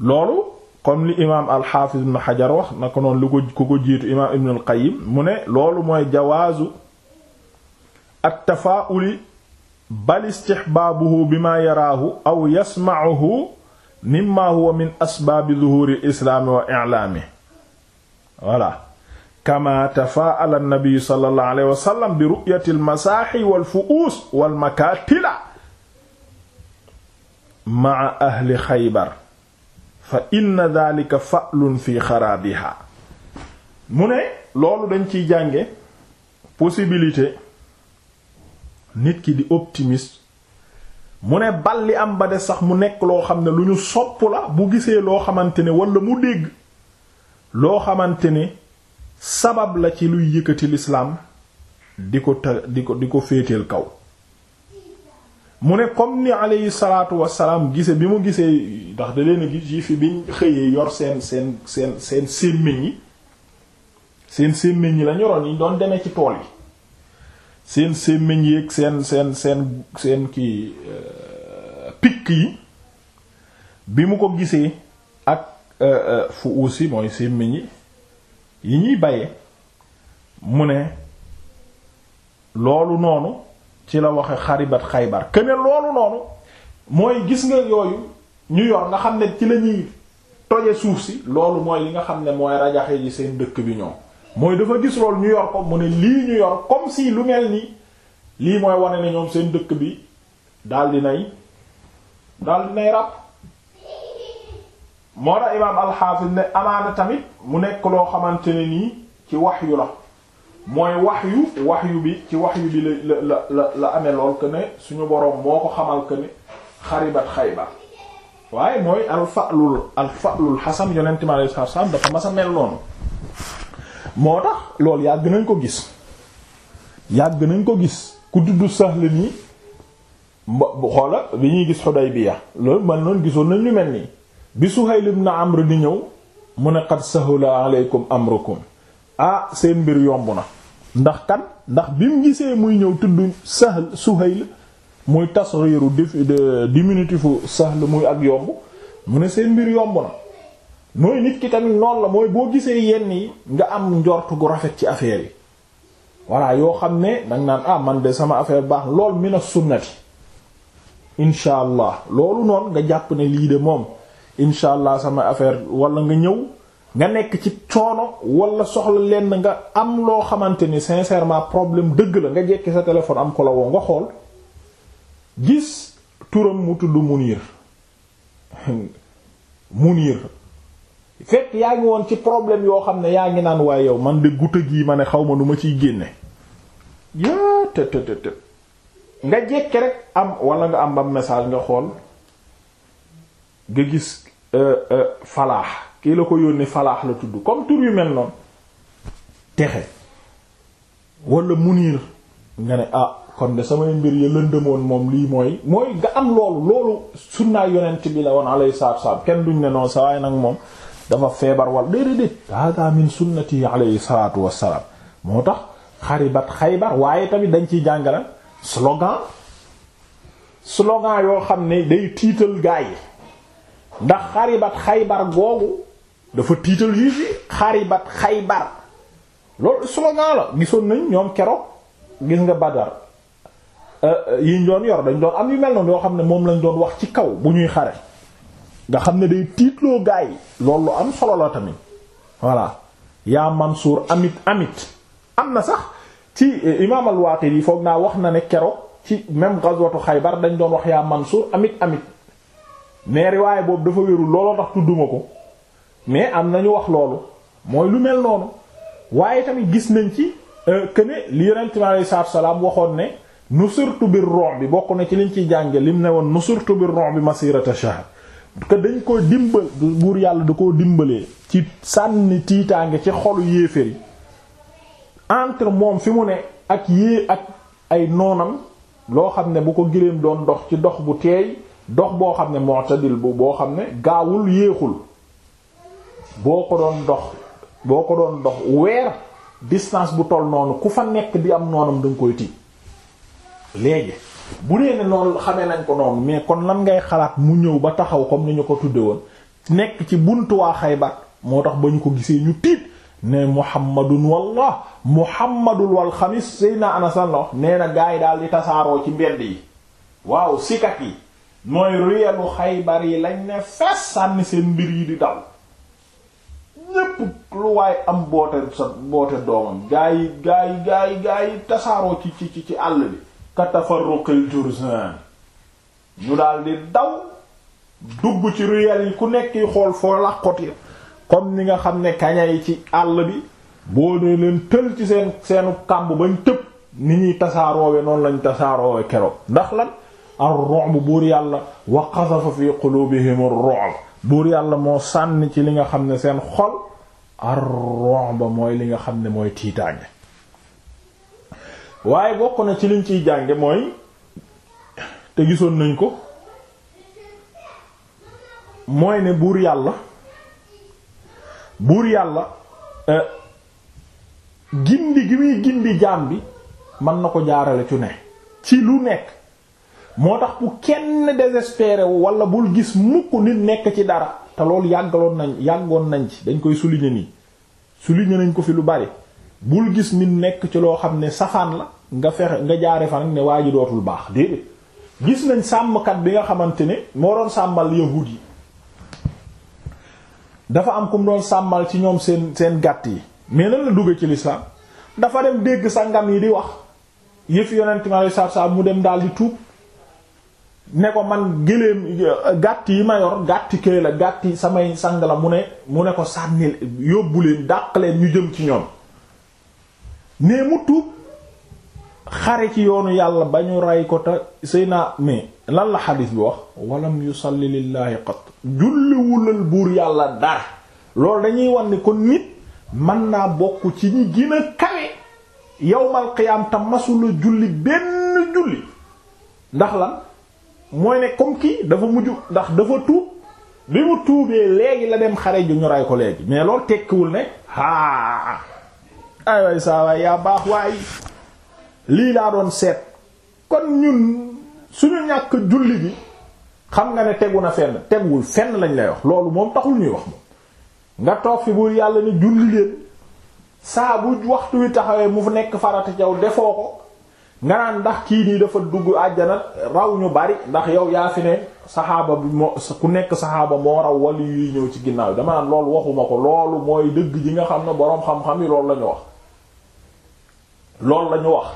loolu comme li imaam alxaafiz ibn xajar wax na ko noonu lu ko ku ko jiitu imaam ibn alqayim mu ne loolu mooy jawaazu at tafaauli bal istixbaabuhu bi ma yaraahu aw yasmacuhu mimma huwa min asbaabi zuhuuri islaami wa ilaami voilà kama tafaala annabiyu sallallahu alayhi wa sallam bi ru'yati almasaaxi walfu'uus walmakaatila maa ahli xaybar fa inna daalika fa'lun fi xaraabiha mu ne loolu dañ ciy jànge possibilité nit ki di optimiste mu ne bal am ba des sax mu nekk loo xam ne lu ñu sopp la bu gisee loo xamante ne wala mu dégg loo xamante ne sabab la ci luy yëkkati lislaam di ko ta di ko di ko féeteel kaw mu ne kom ni aleyhi salaatu wasalaam gise bi mu gisee ndax da leen gis juif yi biñ xëyee yor seen seen seen seen seen sémmiñ yi la ñoroon ci tool seen sémmiñ yi seen seen seen kii euh, pikk yi bi mu ko gisee ak euh, euh, fu uusi mooy sémmiñ yi yi ñuy baye mu ne loolu noonu ci la waxe xaribat xaybar que ne loolu noonu mooy gis nga yooyu ñu yor nga xam ne ci la ñuy toje suuf si loolu mooy li nga xam ne mooy rajaxe ji seen dëkk bi ñoom mooy dafa gis loolu ñu yor ko mu ne lii ñu yor comme si lu mel nii lii mooy wane ne ñoom seen dëkk bi daal di nay daal nay ràpp moo tax imaam alxaafis ne amaana tamit mu nekk loo xamante ne nii ci yu la mooy wax waxyu bi ci waxyu bi la la la la lool que ne suñu boroom moo ko xamal que ne xaribat xaybar waaye mooy alfalul alfalul xasan yonent mi alayhi salaatu dafa mas a mel noonu moo tax loolu yàgg nañ ko gis yàgg nañ ko gis ku dudd Sahl nii mba xoola bi ñuy gis Hudaybiya loolu man noonu gisoon nañ mel nii. bi Suhayl na Amr di ñëw mu ne qad sahula aleykum amrukum ah seen mbir yomb na ndax kan ndax bi mu gisee muy ñëw tudd Sahl Suhayl muy tasghiru diminutifu Sahl muy ak yomb mu ne seen mbir yomb na mooy nit ki tamit noonu la mooy boo gisee yenn yi nga am njort gu rafet ci affaire yi voilà yoo xam ne danga naan ah man de sama affaire baax lool mina sunnati insha allah loolu noon nga jàpp ne lii de moom incha allah sama affaire wala nga ñëw nga nekk ci coono walla soxla lenn nga am loo xamante ni sincèrement problème dëgg la nga jekki sa téléphone am ko la woo nga xool gis turam mu tudd mu niir *laughs* fekk yaa ngi woon ci problème yoo xam ne yaa ngi naan waaye yow man de guta gii ma ne xaw ma nu ma ciy génne yaa të të nga jekki rek am wala nga am ba message nga xool nga gis Euh, euh, falaax kii la ko yónnee falaax la tudd comme tur yu mel noonu texe wala muniir nga ne ah kon de samay mbir ya lëndëmoon moom lii mooy mooy nga am loolu loolu sunnaay yonent bi la woon alayhi salaatu salaam kenn duñ ne noonu sa waaye nag moom dafa feebar wal déedéedéet hada min sunnati alayhi salaatu wassalaam moo tax xaribat xaybar waaye tamit dañ ciy jàngalan slogan slogan yoo xam ne day tiital gaa yi ndax xaribat xaybar googu dafa tiital yii yi xaribat xaybar loolu slogan la gisoon nañ ñoom keroog gis nga badar euh, euh, yi doon yor dañ doon am yu mel noonu xam ne moom lañ doon wax ci kaw bu ñuy xare nga xam ne day tiitloo gaa yi lool lu am solo tamit voilà yaa Mansour amit amit am na sax ci euh, imaam al yi foog naa wax na ne keroog ci même ghazwatu Xaybar dañ doon wax yaa Mansour amit amit mais waaye boobu dafa wérul looloo tax tudduma ko mais am nañu wax loolu mooy lu mel noonu waaye tamit gis nañ ci euh, que ne li yonent bi alayhi salaatu salaam waxoon ne nu nusurtu bir ru'b bi bokk na ci liñ ciy jànge mu ne woon nusurtu bir ru'b bi masirata shahr que dañ ko dimbal buur yàlla du koo dimbalee ci sànni tiitaange ci xolu yéefér yi entre moom fi mu ne ak yée ak ay noonam loo xam ne bu ko giléem doon dox ci dox bu teey dox boo xam ne mu'tadil bu boo xam ne gaawul yéexul boo ko doon dox boo ko doon dox weer distance bu toll noonu ku fa nekk di am noonam dañ koy tiit léegi bu dee ne noonu xamee nañ ko noonu mais kon lan ngay xalaat mu ñëw ba taxaw comme ni ñu ko tudde woon nekk ci buntu waa Xaybar moo tax ba ñu ko gisee ñu tiit ne muhammadun wallah muhammadul wal xamis Seydina Anas la wax nee na gaa yi daal di tasaaroo ci mbedd yi waaw sikat yi mooy ruyelu xaybar yi lañ ne fees sànni seen mbir yi di daw ñépp lu waay am boote sa boote doomam gaa yi gaa yi gaa yi tasaaroo ci ci ci àll bi ka tafarruqil jurzan ñu daal di daw dugg ci ruyel yi ku nekk xool foo làqoti kon ni nga xam ne kaña yi ci àll bi boo dee leen tël ci seen seenu kàmb bañ tëb ni ñuy tasaaroo tasaaroowe noonu lañ tasaaroowe keroog ndax lan ar-ru'b buur yàlla wa qasafa fi qulubihim ar-ru'b buur yàlla moo sànni ci li nga xam ne seen xol ar-ru'b mooy li nga xam ne mooy tiitaange waaye bokk na ci liñ ciy jànge mooy te gisoon nañ ko mooy ne buur yàlla buur yàlla e, gindi gi bi mën na ko jaarale ci ne ci lu nekk moo tax bu kenn désespéré wu wala bul gis mukk nit nekk ci dara te loolu yàggaloon nañ yàggoon nañ ci dañ koy souligner nii souligner nañ ko fi lu bari bul gis nit nekk ci loo xam ne safaan la nga fexe nga jaare fan ne waa ji dootul baax déedéet gis nañ sàmmkat bi nga xamante ne moo doon sàmmal yahuud yi dafa am ku mu doon sàmmal ci ñoom seen seen gàtt yi mais la dugg ci lislaam dafa dem dégg sangam yi di wax yëf yonent mi sallallahu alayhi wasallam mu dem daal di tuub ne ko man gëléem gàtt yi ma gàtt gàtti këy la gàtti samay sang la mu ne mu ne ko sànni yóbbu leen dàq leen ñu jëm ci ñoom ne mu tuub xare ci yoonu yàlla ba ñu rey ko te sëy naa mais lan la xadis bi wax walam yusalli lillahi qat julliwulal buur yàlla dara loolu dañuy wan ni kon nit mën naa bokk ci ñi gën a kawe yowmal qiyaam te la julli benn julli ndax lan mooy ne comme kii dafa mujj ndax dafa tuub bi mu tuubee léegi la dem xare ju ñu ray ko léegi mais loolu tekkiwul ne aa ay waay saa waay yaa baax waaye lii laa doon seet kon ñun suñu ñàkk julli bi xam nga ne tegu na fenn teguwul fenn lañ lay wax loolu moom taxul ñuy wax moom nga toog fi buur yàlla ne julli leen saa bu waxtu wi taxawee mu nekk farata jaw defoo ko nga naan ndax kii nii dafa dugg àjjana raw ñu bari ndax yow yaa fi ne saxaaba bi moo ku nekk saxaaba moo raw wali yuy ñëw ci ginnaaw dama naan loolu waxuma ko loolu mooy dëgg ji nga xam ne boroom xam-xam yi loolu la wax loolu lañu wax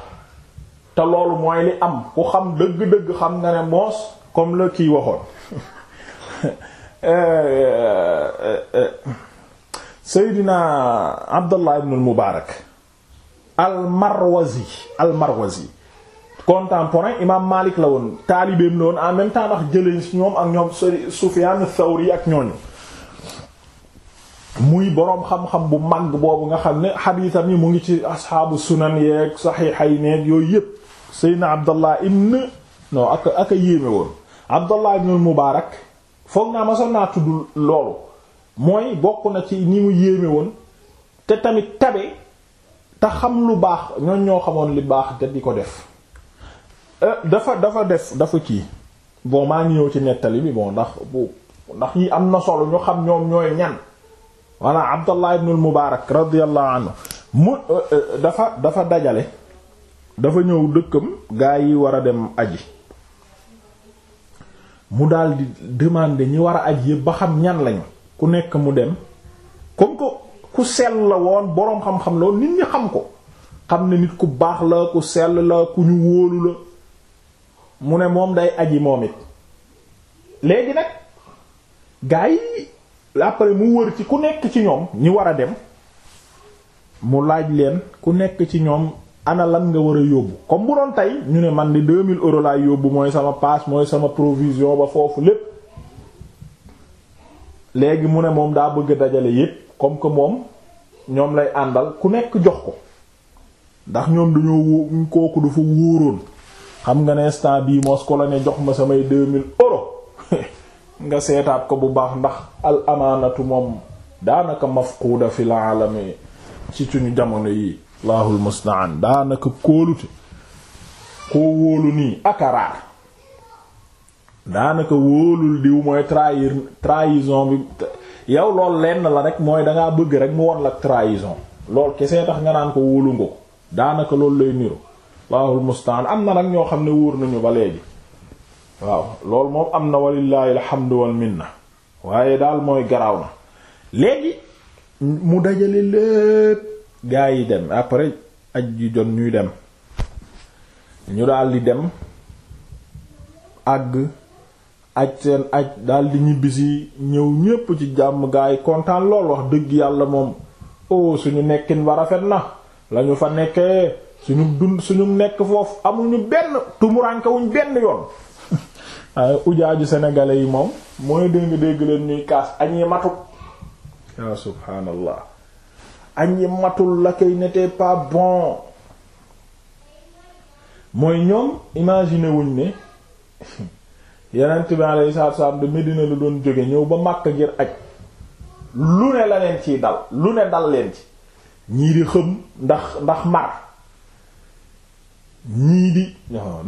te loolu mooy li am ku xam dëgg-dëgg xam nga ne moos comme la kiy waxoon *laughs* eh, eh, eh, Seydina Abdallah ibn Mubaarak al-Marwazi al-Marwazi contemporain imaam Malik la woon taalibeem la woon en même temps ndax jëlee si ñoom ak ñoom Sufyaan Thawri ak ñooñu muy boroom xam-xam bu màgg boobu nga xam ne xadiisam yi mu ngi ci asxaabu sunan yeeg saxiixay neeg yooyu yëpp Seydina Abdallah ibn non ak ak a yéeme woon Abdallah ibn Mubaarak foog naa masoon naa tudd loolu mooy bokk na ci ni mu yéeme woon te tamit tabe te xam lu baax ñooñ ñoo xamoon li baax te di ko def euh, dafa dafa def dafa ci boo maa ngi ñëw ci nettali bi bon ndax bu ndax yi am na solo ñu xam ñoom ñooy ñan walla Abdallah ibn al-Mubarak radiyallahu anhu mu euh, euh, dafa dafa dajale dafa ñëw dëkkam gaa yi war a dem aji mu daldi demander ñi war a aji yëpp ba xam ñan lañu ku nekk mu dem comme ko ku sell la woon boroom xam-xam la woon nit ñi xam ko xam ne nit ku baax la ku sell la ku ñu wóolu la mu ne moom day aji moom it léegi nag gars yi mu wër ci ku nekk ci ñoom ñi war a dem mu laaj leen ku nekk ci ñoom ana lan nga war a yóbbu comme bu doon tey ñu ne man di 2000 euros laay yóbbu mooy sama paas mooy sama provision ba foofu lépp léegi mu ne moom daa bëgg dajale yépp comme que moom ñoom lay àndal ku nekk jox ko ndax ñoom dañoo kooku dafa wóoroon xam nga ne instant bii mos ko la ne jox ma samay 2000 euros *laughs* nga seetaat ko bu baax ndax al amaanatu moom daanaka mafquda fi alami ci suñu jamono yi allahul musta'an daanaka kóolute koo wóolu nii akaraar daanaka wóolul diw mooy trahir trahison bi yow loolu lenn la rek mooy dangaa bëgg rek mu won la trahison lool kesee tax nga naan ko wóolu nga ko daanaka loolu lay niru Allahul musta'an am na nag ñoo xam ne wóor nañu ba léegi waaw loolu moom am na walillahi alhamdu wal na waaye daal mooy garaaw na léegi mu dajale lépp gaa yi dem après aj ji jon ñuy dem ñu daal di dem àgg aj seen aj daldi ñibbisi ñëw ñépp ci jàmm gaay kontaan lool wax dëgg yàlla moom o oh suñu nekkin ba rafet na lañu fa nekkee suñu dund suñu nekk foofu amuñu benn tumuraankewuñ benn yoon *laughs* waaye ujaaju sénégalais yi moom mooy dégg dégg leen ñuy kaas añi matuk yaa subhaanallah añi matul la kay n'était pas bon mooy ñoom imaginer ni *laughs* yeneen bi alayhi salaatu salaam de Medina la doon jóge ñëw ba màkk ngir aj lu ne la leen ciy dal lu ne dal leen ci ñii di xëm ndax ndax mar ñii di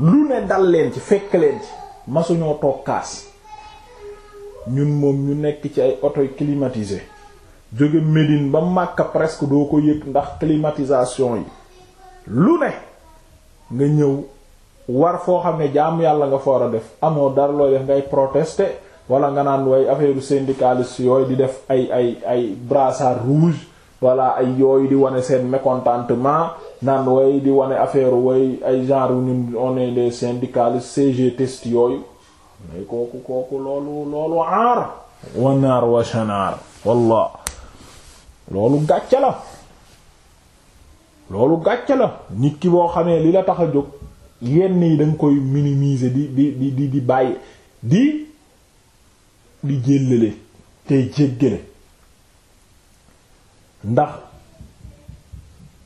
lu ne dal leen ci fekk leen ci masuñoo toog kaas ñun moom ñu nekk ci ay oto climatisé jóge Médine ba màkk presque doo ko yëg ndax climatisation yi lu ne nga ñëw war foo xam ne jàmm yàlla nga war a def amoo dara looy def ngay protester wala nga naan way affaire syndicaliste yooyu di def ay ay ay brassard rouge wala ay yooyu di wane seen mécontentement naan way di wane affaire way ay genre ñun on est des syndicalistes CGTistes yooyu mais kooku kooku loolu loolu aar wanaar wa shanaar loolu gàcce la loolu gàcce la nit ki boo xamee li la tax a jóg yenn yi da koy minimiser di di di di bàyyi di di jéllale tey jéggale ndax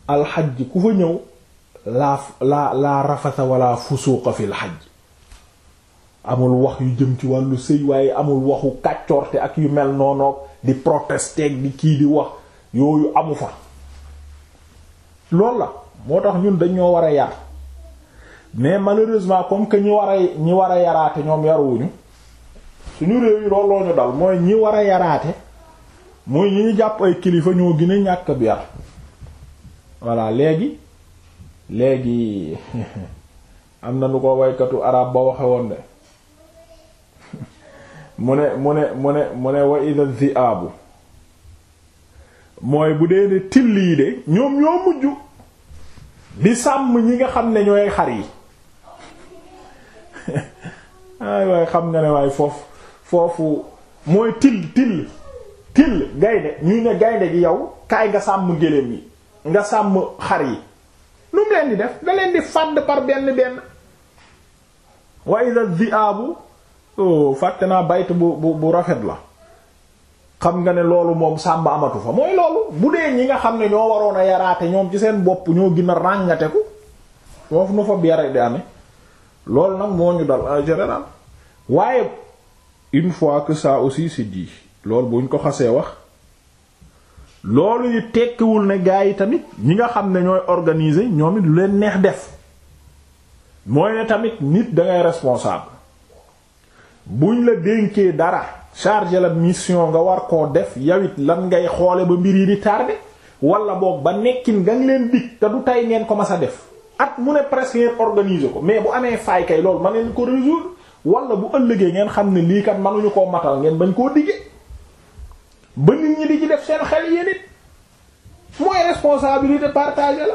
alxaj ku fa ñëw laa laa laa rafasa wala fusuuqa fil xaj amul wax yu jëm ci wàllu sëy waaye amul waxu kàccoorte ak yu mel noonoog di protester di kii di wax yooyu amu fa loolu la moo tax ñun dañoo war a yar mais malheureusement comme que ñi war a ñi war a yaraate ñoom yaruwuñu suñu réew yi looloo ñu dal mooy ñi war a yaraate mooy ñi ñu jàpp ay kilifa ñoo gën a ñàkk bi yar voilà léegi léegi *laughs* am na nu ko waykatu arab ba waxe woon de *laughs* mu ne mu ne mu ne mu ne wa ida ziaabu mooy bu dee ne till yi de ñoom ñoo mujj di sàmm ñi nga xam ne ñooy xar yi ay waaye xam nga ne waaye foofu foofu mooy till till till gaynde ñu ne gaynde gi yow kaay nga sàmm géléem yi nga sàmm xar yi nu mu leen di def da di fàdd par benn benn wa ida dhi'aabu oh fàtte naa bayt bu bu bu rafet la xam nga ne loolu moom sàmba amatu fa mooy loolu bu dee ñi nga xam ne ñoo waroon a yaraate ñoom ci seen bopp ñoo gën a ràngate ko foofu nu fa biyara di amee loolu nag moo ñu dal en général waaye une fois que ça aussi c'est dit loolu buñ ko xasee wax loolu yi tekkiwul ne gars yi tamit ñi nga xam ne ñooy organiser ñoom it lu leen neex def mooy ne tamit nit da ngay responsable buñ la dénkee dara chargé la mission nga war koo def yow lan ngay xoole ba mbir yi di tardé wala boog ba nekkin nga leen dig te du tey ngeen ko mas a def at mu ne presque ngeen ko mais bu amee faay kay loolu ne ngeen ko résoudre wala bu ëllëgee ngeen xam ne lii kat mënuñu koo matal ngeen bañ koo digge ba nit ñi di ci def seen xel yéen it mooy responsabilité partagée la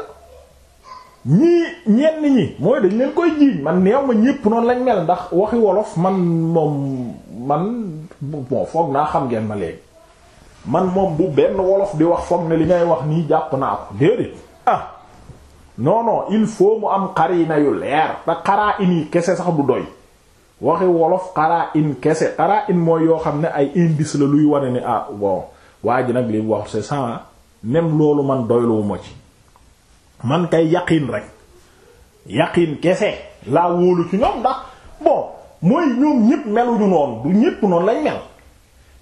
ñii ñenn ñi mooy dañ leen koy jiiñ man neew ma ñépp noonu lañ mel ndax waxi wolof man moom man bon foog naa xam ngeen ma léegi man moom bu benn wolof di wax foog ne li ngay wax nii jàpp naa ko déedéet ah. non il faut mu am xarina yu leer te xaraa in yi kese sax du doy waxi wolof xaraa in kese xaraa in mooy yoo xam ne ay indice la luy wane ni ah bon waa ji nag li mu wax c'est ça ah. même loolu man doyluwu ci man kay yaqin rek yaqin kese laa wóolu ci ñoom ndax bon mooy ñoom ñépp meluñu noonu du ñépp noonu lañ mel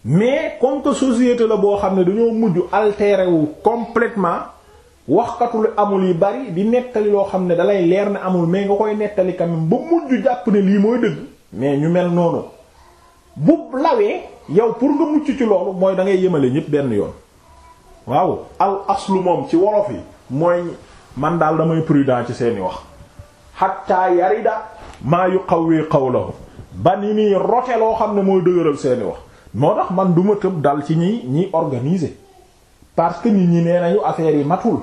mais comme que société la boo xam ne dañoo mujj altéré wu complètement waxkatu lu amul yi bari di nettali loo xam ne dalay leer ne amul mais nga koy nettali quand même ba mujj jàpp ne lii mooy dëgg mais ñu mel noonu bu lawee yow pour nga mucc ci loolu mooy da ngay yemale ñépp benn yoon waaw al aslu moom ci wolof yi mooy man daal damay prudent ci seeni wax hatta yarida maa yuqawwi qawlahu ba ni nii rote loo xam ne mooy dëgëral seeni wax moo tax man du ma tëb dal ci ñi ñiy organiser parce que nit ñi nee nañu affaire yi matul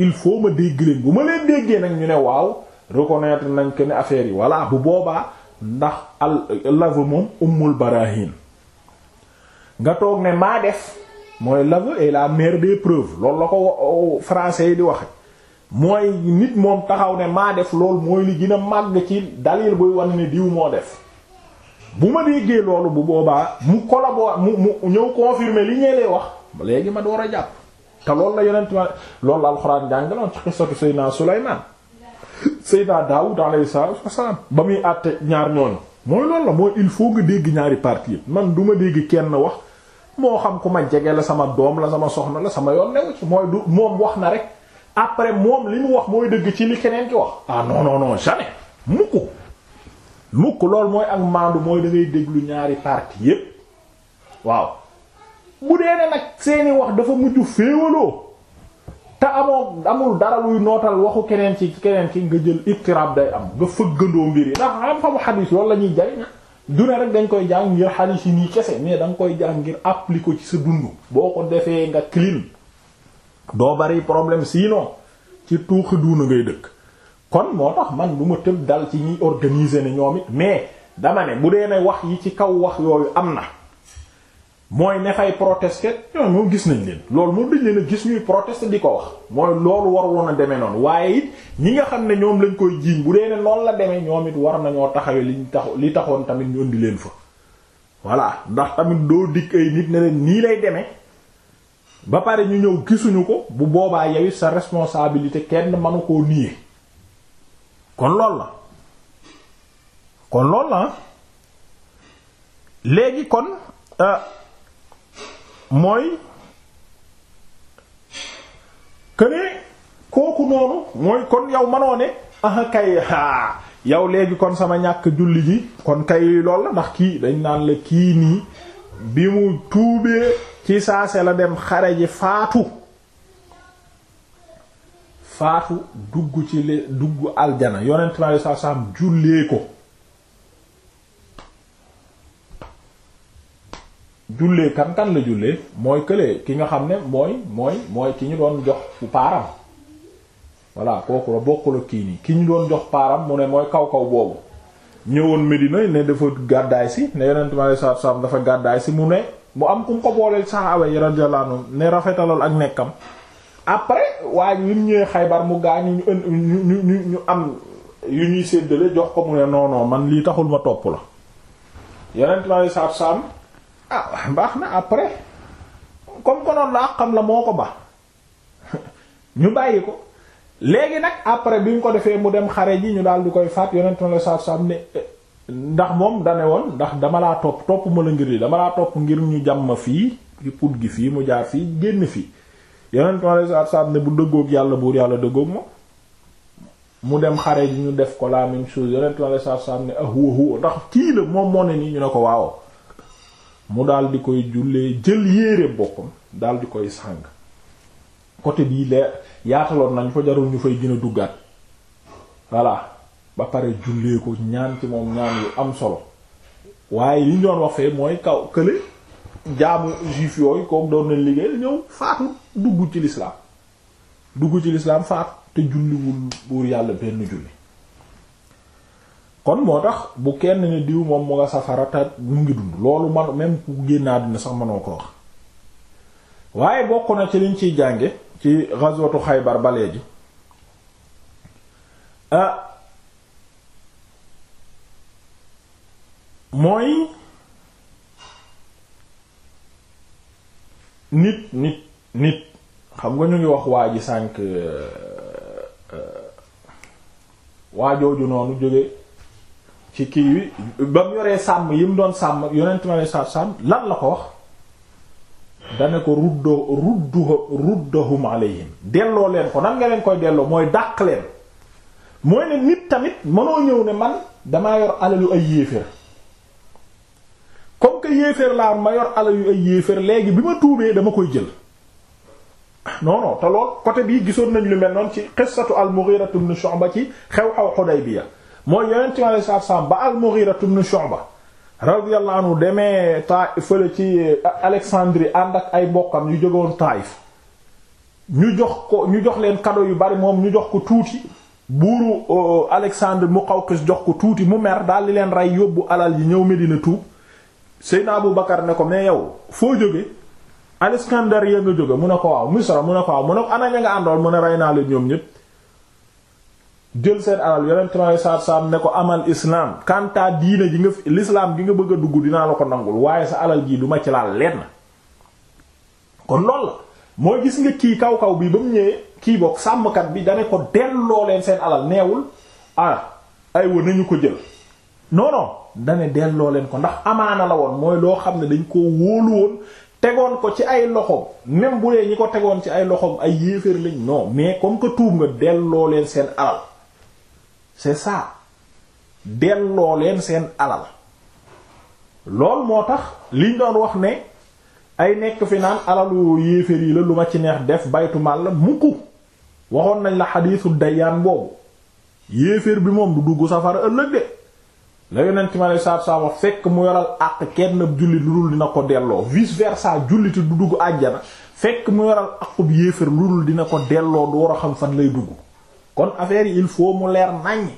il faut ma dégg leen bu ma leen déggee nag ñu ne waaw reconnaître nañ que ne affaire yi voilà bu boobaa ndax al l'aveu moom ummul barahin nga toog ne maa def mooy l'aveu est la mère des preuves loolu la ko euh, français yi di waxe mooy nit moom taxaw ne maa def loolu mooy li gën a màgg ci dalil buy wane ne diw moo def bu ma déggee loolu bu boobaa mu collabore mu mu ñëw confirmer li ñee lay wax léegi ma door a jàpp te loolu la yonent ma loolu la alxuraan jàngaloon ci xisatu Seydina Sulaymaan Seydina Daawud alayhi salaatu wasalaam ba muy àtte ñaar ñooñu mooy loolu la mooy il faut nga dégg ñaari parti yi man du ma dégg kenn wax moo xam ku ma jege la sama doom la sama soxna la sama yoon newu ci mooy du moom wax na rek après moom li mu wax mooy dégg ci li keneen ki wax ah non non non jamais mukk mukk loolu mooy ak maandu mooy da déglu ñaari parti yépp waaw bu dee ne nag seeni wax dafa mujj féewaloo te amoo amul dara luy nootal waxu keneen ci keneen ki nga jël ittirab day am nga fëggandoo mbir yi ndax am xamu xadiis loolu la ñuy jariñ du rek dañ koy jàng ngir xadiis yi nii kese mais da koy jàng ngir appliquer ci sa dund boo ko defee nga clean doo bari problème sinon ci tuuxi duuna ngay dëkk kon moo tax man du ma tëb dal ci ñuy organiser ne ñoom it mais dama ne bu dee ne wax yi ci kaw wax yooyu am na mooy ne fay protester ñoom moo gis nañ leen loolu moom dañ leen a gis ñuy protester di ko wax mooy loolu war woon a demee noonu waaye it ñi nga xam ne ñoom lañ koy jiiñ bu dee ne loolu la demee ñoom it war nañoo taxawee liñ tax li taxoon tamit ñu indi leen fa. voilà ndax tamit doo dikk ay nit ne leen nii lay deme ba pare ñu ñëw gisuñu ko bu boobaa yow sa responsabilité kenn mënu koo nier kon loolu la kon loolu la léegi kon. Euh, mooy kënee kooku noonu mooy kon yow manoo ne ah kay haa yow léegi kon sama ñàkk julli ji kon kay lool la ndax kii dañ naan la kii nii bi mu tuubee ci saase la dem xare ji faatu faatu dugg ci le dugg aljana yonent bi sallallahu jullee ko jullee kan la jullee mooy kële ki nga xam ne mooy mooy mooy ki ñu doon jox fu paaram voilà kooku la bokkul ak kii nii ki ñu doon jox paaram mu ne mooy kaw kaw boobu ñëwoon Medina ne dafa gàddaay si ne yonent mi alayhi salaatu salaam dafa gàddaay si mu ne mu am ku ko booleel saxaaba yi radiyallahu anhum ne rafetalal ak nekkam après waaye ñu ñëwee Xaybar mu gaa ñu ñu am yu ñuy séddale jox ko mu ne non man lii taxul ma topp la mbaax ah, na après comme konoon la xam la moo ko ba *laughs* ñu bàyyi ko léegi nag après bi ñu ko defee mu dem xare ji ñu daal di koy faat yonent la saab saab ne eh, ndax moom dane woon ndax dama laa topp topp ma la ngir dama laa topp ngir ñu jàmm fii ci put gi fii mu jaar fii génn fii yonent la saab saab ne bu dëggook yàlla buur yàlla dëggoog ma mu dem xare ji ñu def ko laa même chose yonent la saab saab ne ah huwa ndax kii la moom moo ne nii ñu ne ko waaw mu daal di koy jullee jël yéere boppam daal di koy sàng côté bii lee yaataloon nañ fa jarul ñu fay gën duggaat voilà ba pare jullee ko ñaan ci moom ñaan yu am solo waaye li ñu doon wax mooy kaw kële jaamu juif yooyu kook doon nañ liggéey ñëw faatu dugg ci lislaam dugg ci lislaam faatu te julliwul buur yàlla benn julli kon moo tax bu kenn ne diw moom mu nga safarata mu ngi dund loolu man même ku génnaa dina sax mënoo ko wax waaye bokk na ci liñ ciy jànge ci ghazwatu Xaybar ba léegi ah, mooy nit nit nit xam nga ñu ngi wax waa ji sànq euh, euh, waajooju noonu jóge ci kii wi ba mu yoree sàmm yi mu doon sàmm yonent ma lay sàmm sàmm lan la ko wax dane ko ruddoo ruddoo ruddahum alayhim delloo leen ko nan nga leen koy delloo mooy dàq leen mooy ne nit tamit mënoo ñëw ne man damaa yor alalu ay yéeféer comme que yéeféer laa ma yor alalu ay yéeféer léegi bi ma tuubee dama koy jël non non te lool côté bii gisoon nañ lu mel noonu ci qissatu al-Mughira ibn ci xew-xew Hudaybiya mooy yonent mi alayhi salaatu salaam ba al-Mughira ibn Shu'ba radiyallahu anhu demee ta fële ci euh, Alexandrie ànd ak ay mbokkam yu jógoon Taïf ñu jox ko ñu jox leen cadeau yu bari moom ñu jox ko tuuti buuru euh, Alexandre Muqawqis jox ko tuuti mu mer daal di leen rey yóbbu alal yi ñëw Medina tuub Seydina Abu Bakar ne ko mais yow foo jóge Alexandrie ya nga jóge mu ne ko waaw Misra mu ne ko waaw mu ne ko ana ña nga àndoon mu ne rey naa leen ñoom ñépp jël seen alal yonent mi aleyhi ne ko amal islam kanta diine ji nga fi lislaam gi nga bëgg a dugg dinaa la ko nangul waaye sa alal jii du ma ci laal lenn kon loolu la mooy gis nga kii kaw kaw bii ba mu ñëwee kii bokk sàmmkat bi dane ko delloo leen seen alal neewul ah aywa nañu ko jël non non dane delloo leen ko ndax amaana la woon mooy loo xam ne dañ ko wóolu woon tegoon ko ci ay loxoom même bu dee ñi ko tegoon ci ay loxoom ay yéeféer lañ non mais comme que tuub nga delloo leen seen alal c'est ça delloo leen seen alal lool moo tax liñ doon wax ne ay nekk fi naan alalu yéeféer yi la lu ma ci neex def baytu mal la waxoon nañ la xadiisu dayyaan boobu yéeféer bi moom du dugg safara ëllëg de la yonent ma ne saab saab fekk mu yoral àq kenn ab jullit lu dul dina ko delloo vice versa jullit du dugg àjjana fekk mu yoral àqub yéeféer lu dul dina ko delloo du war a xam fan lay dugg kon affaire yi il faut mu leer naññ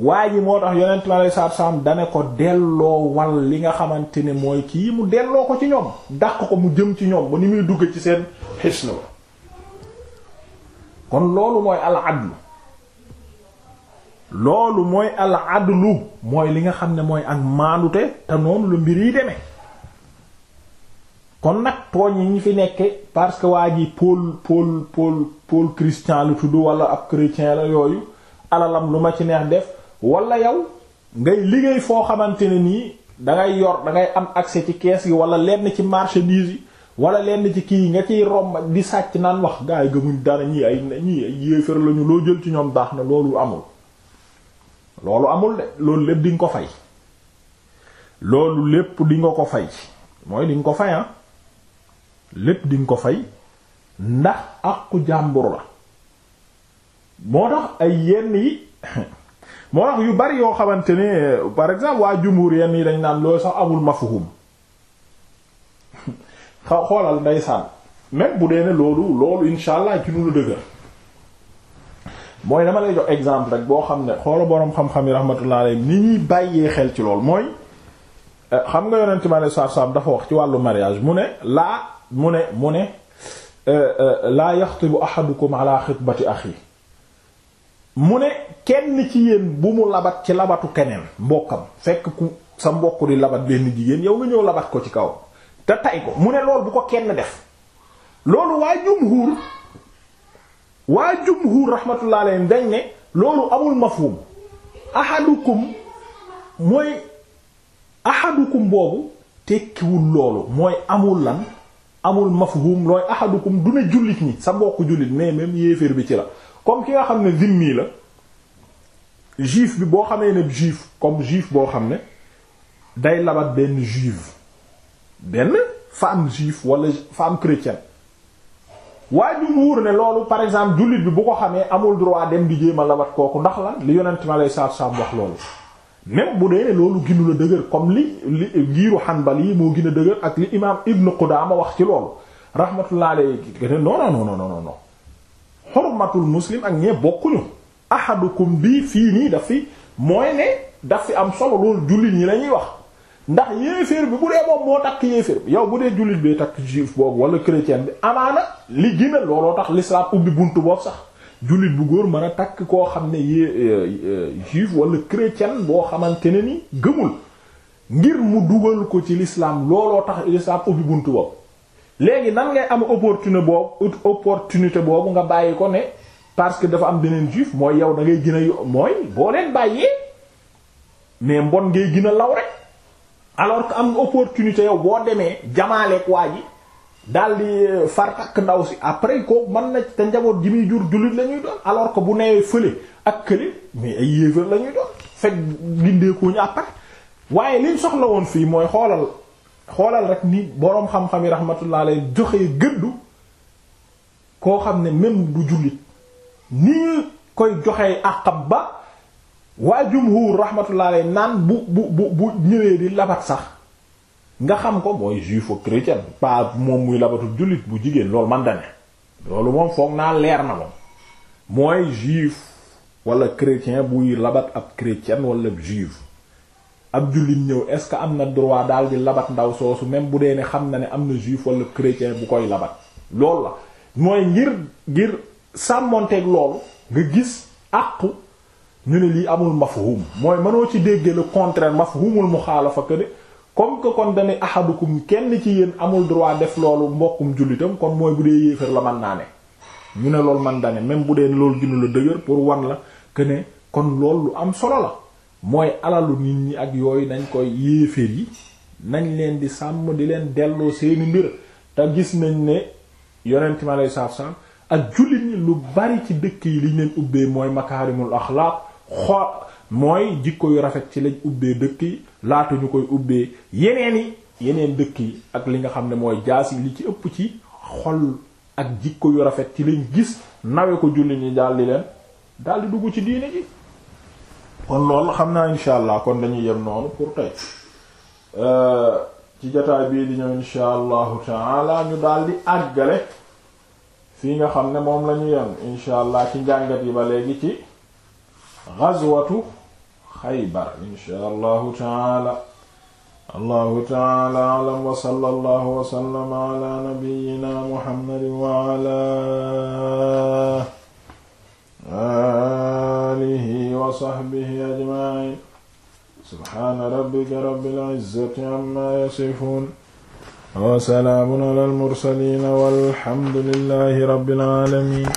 waa ji moo tax yonent mi alei saatu salaam dane ko delloo wal li nga xamante ne mooy kii mu delloo ko ci ñoom dàq ko mu jëm ci ñoom ba ni muy dugg ci seen xis na kon loolu mooy al adlu loolu mooy al adlu mooy li nga xam ne mooy ak maanute te noonu la mbir yi demee kon nag tooñ yi ñu fi nekkee parce que waa ji Paul Paul Paul Paul Christian lu tudd wala ab chrétien la yooyu alalam lu ma ci neex def wala yow ngay liggéey foo xamante ne nii dangay yor dangay am accès ci kees gi wala lenn ci marchandise yi wala lenn ci kii nga ciy romb di sàcc naan wax gaa yi gëmuñ dara ñii ay ñii ay yéefar lañu loo jël ci ñoom baax na loolu amul loolu amul de loolu lépp di ko fay loolu lépp di nga ko fay mooy di ko fay ah lépp di ko fay ndax àqu jàmbur la moo tax ay yenn yi *laughs* moo tax yu bari yoo xamante ni par exemple waa jumhur yenn yi dañ naan loolu sax amul mafhum *laughs* xaw xoolal ndeysaan même bu dee ne loolu loolu insha ci lu dëgër mooy dama lay jox exemple rek boo xam ne xoola boroom xam-xam yi rahmatullah alayhi ni ñuy bàyyee xel ci loolu mooy eh, xam nga yonent mi sallallahu alayhi wasallam dafa wax ci wàllu mariage mu ne laa mu ne mu ne euh, euh, laa yaxtibu ahadukum ala xitbati axi mu ne kenn ci yéen bu mu labat ci labatu keneen mbokkam fekk ku sa mbokk di labat benn jigéen yow nga ñëw labat ko ci kaw te tay ko mu ne loolu bu ko kenn def loolu waa jumhuur waa jumhuur rahmatullah alayhim dañ ne loolu amul ma mafhum ahadukum mooy ahadukum boobu tekkiwul loolu mooy amul lan amul mafhum looy ahadukum du ne jullit ñi sa mbokk jullit mais même yéeféer bi ci la comme ki nga xam ne zimmi la juif bi boo xamee ne juif comme juif boo xam ne day labat benn juive benn femme juif wala femme chrétienne waa jumhuur ne loolu par exemple jullit bi bu ko xamee amul droit dem di jéem a labat kooku ndax la li yonent ma lay saatu saam wax loolu même bu dee loolu ginu la dëgër comme li li ngiiru Hanbali yi moo gën a dëgër ak li imaam Ibn Qudaama wax ci loolu rahmatullah alayhi ne non non non non non xormatul muslim ak ñee bokkuñu ahadukum bi fii nii daf fi mooy ne daf fi am solo loolu jullit ñi la wax ndax yéeféer bi bu dee moom moo takk yéeféer bi yow bu dee jullit bee takk juif boobu wala chrétien bi amaana li gina looloo tax l'islam ubbi buntu boobu sax jullit bu góor mën a takk koo xam ne yee juif wala chrétien boo xamante ne ni gëmul ngir mu dugal ko ci l'islam looloo tax l'islam ubbi bunt boobu léegi nan ngay am opportunité boobu opportunité boobu nga bàyyi ko ne parce que dafa am beneen juif mooy yow da ngay gën a mooy boo leen bàyyee mais mbon ngay gën law rek alors que am nga opportunité yow boo demee jamaaleeg waa ji daal di euh, far takk ndaw si après ko mën na te njaboot ji muy jur jullit la doon alors que bu newee fële ak kële mais ay yéefar la ñuy doon fekk gindeekoo après waaye liñ soxla woon fii mooy xoolal xoolal rek nii boroom xam-xam yi rahmatullah lay joxee gëddu koo xam ne même du jullit nii koy joxee àqab ba waa jumhur rahmatullah lay naan bu bu bu bu ñëwee di labat sax nga xam ko mooy juif ak chrétien pas moom muy labatu jullit bu jigéen loolu man dane loolu moom foog naa leer na moom mooy juif wala chrétien buy labat ab chrétien wala juif ab jullit ñëw est ce que am na droit daal di labat ndaw soosu même bu dee ne xam na ne am na juif wala chrétien bu koy labat loolu la mooy ngir ngir sàmmonteeg loolu nga gis àqu ñu ne lii amul mafhum mooy mënoo ci déggee le contraire mafhumul muxaalafa que ne comme que kon dane ahadukum kenn ci yéen amul droit def loolu mbokkum jullitam kon mooy bu dee yéefar la man naa ne ñu ne loolu man dane même bu dee loolu ginu la dëgër pour wan la que ne kon loolu lu am solo la mooy alalu nit ñi ak yooyu nañ koy yéefar yi nañ leen di sàmm di leen delloo seeni mbir te gis nañ ne yonent ma lay saaf saaf ak jullit ñi lu bari ci dëkk yi liñ leen ubbee mooy makaarimul axlaaq xoo mooy jikko yu rafet ci lañ ubbee dëkk yi laatu ñu koy ubbee yeneen yi yeneen dëkk yi ak li nga xam ne mooy jaas yi li ci ëpp ci xol ak jikko yu rafet ci lañ gis nawe ko julli ñi daal di leen daal di dugg ci diine ji kon loolu xam naa insha allah kon dañuy yem noonu pour tey euh, ci jotaay bii di ñëw insha allahu taala ñu daal di àggale fii nga xam ne moom la ñu yem insha allah ci njàngat yi ba léegi ci ghazwatu Xaybar inshaa allahu taala allahu taala alam wa sallallahu wa sallama ala nabiyyina muhammadin wa ala alihi wa sahbihi ajma'in subhaana rabbika rabbil izzati amma yasifun wa salaamun ala al mursaliin walhamdulillahi rabbil alamin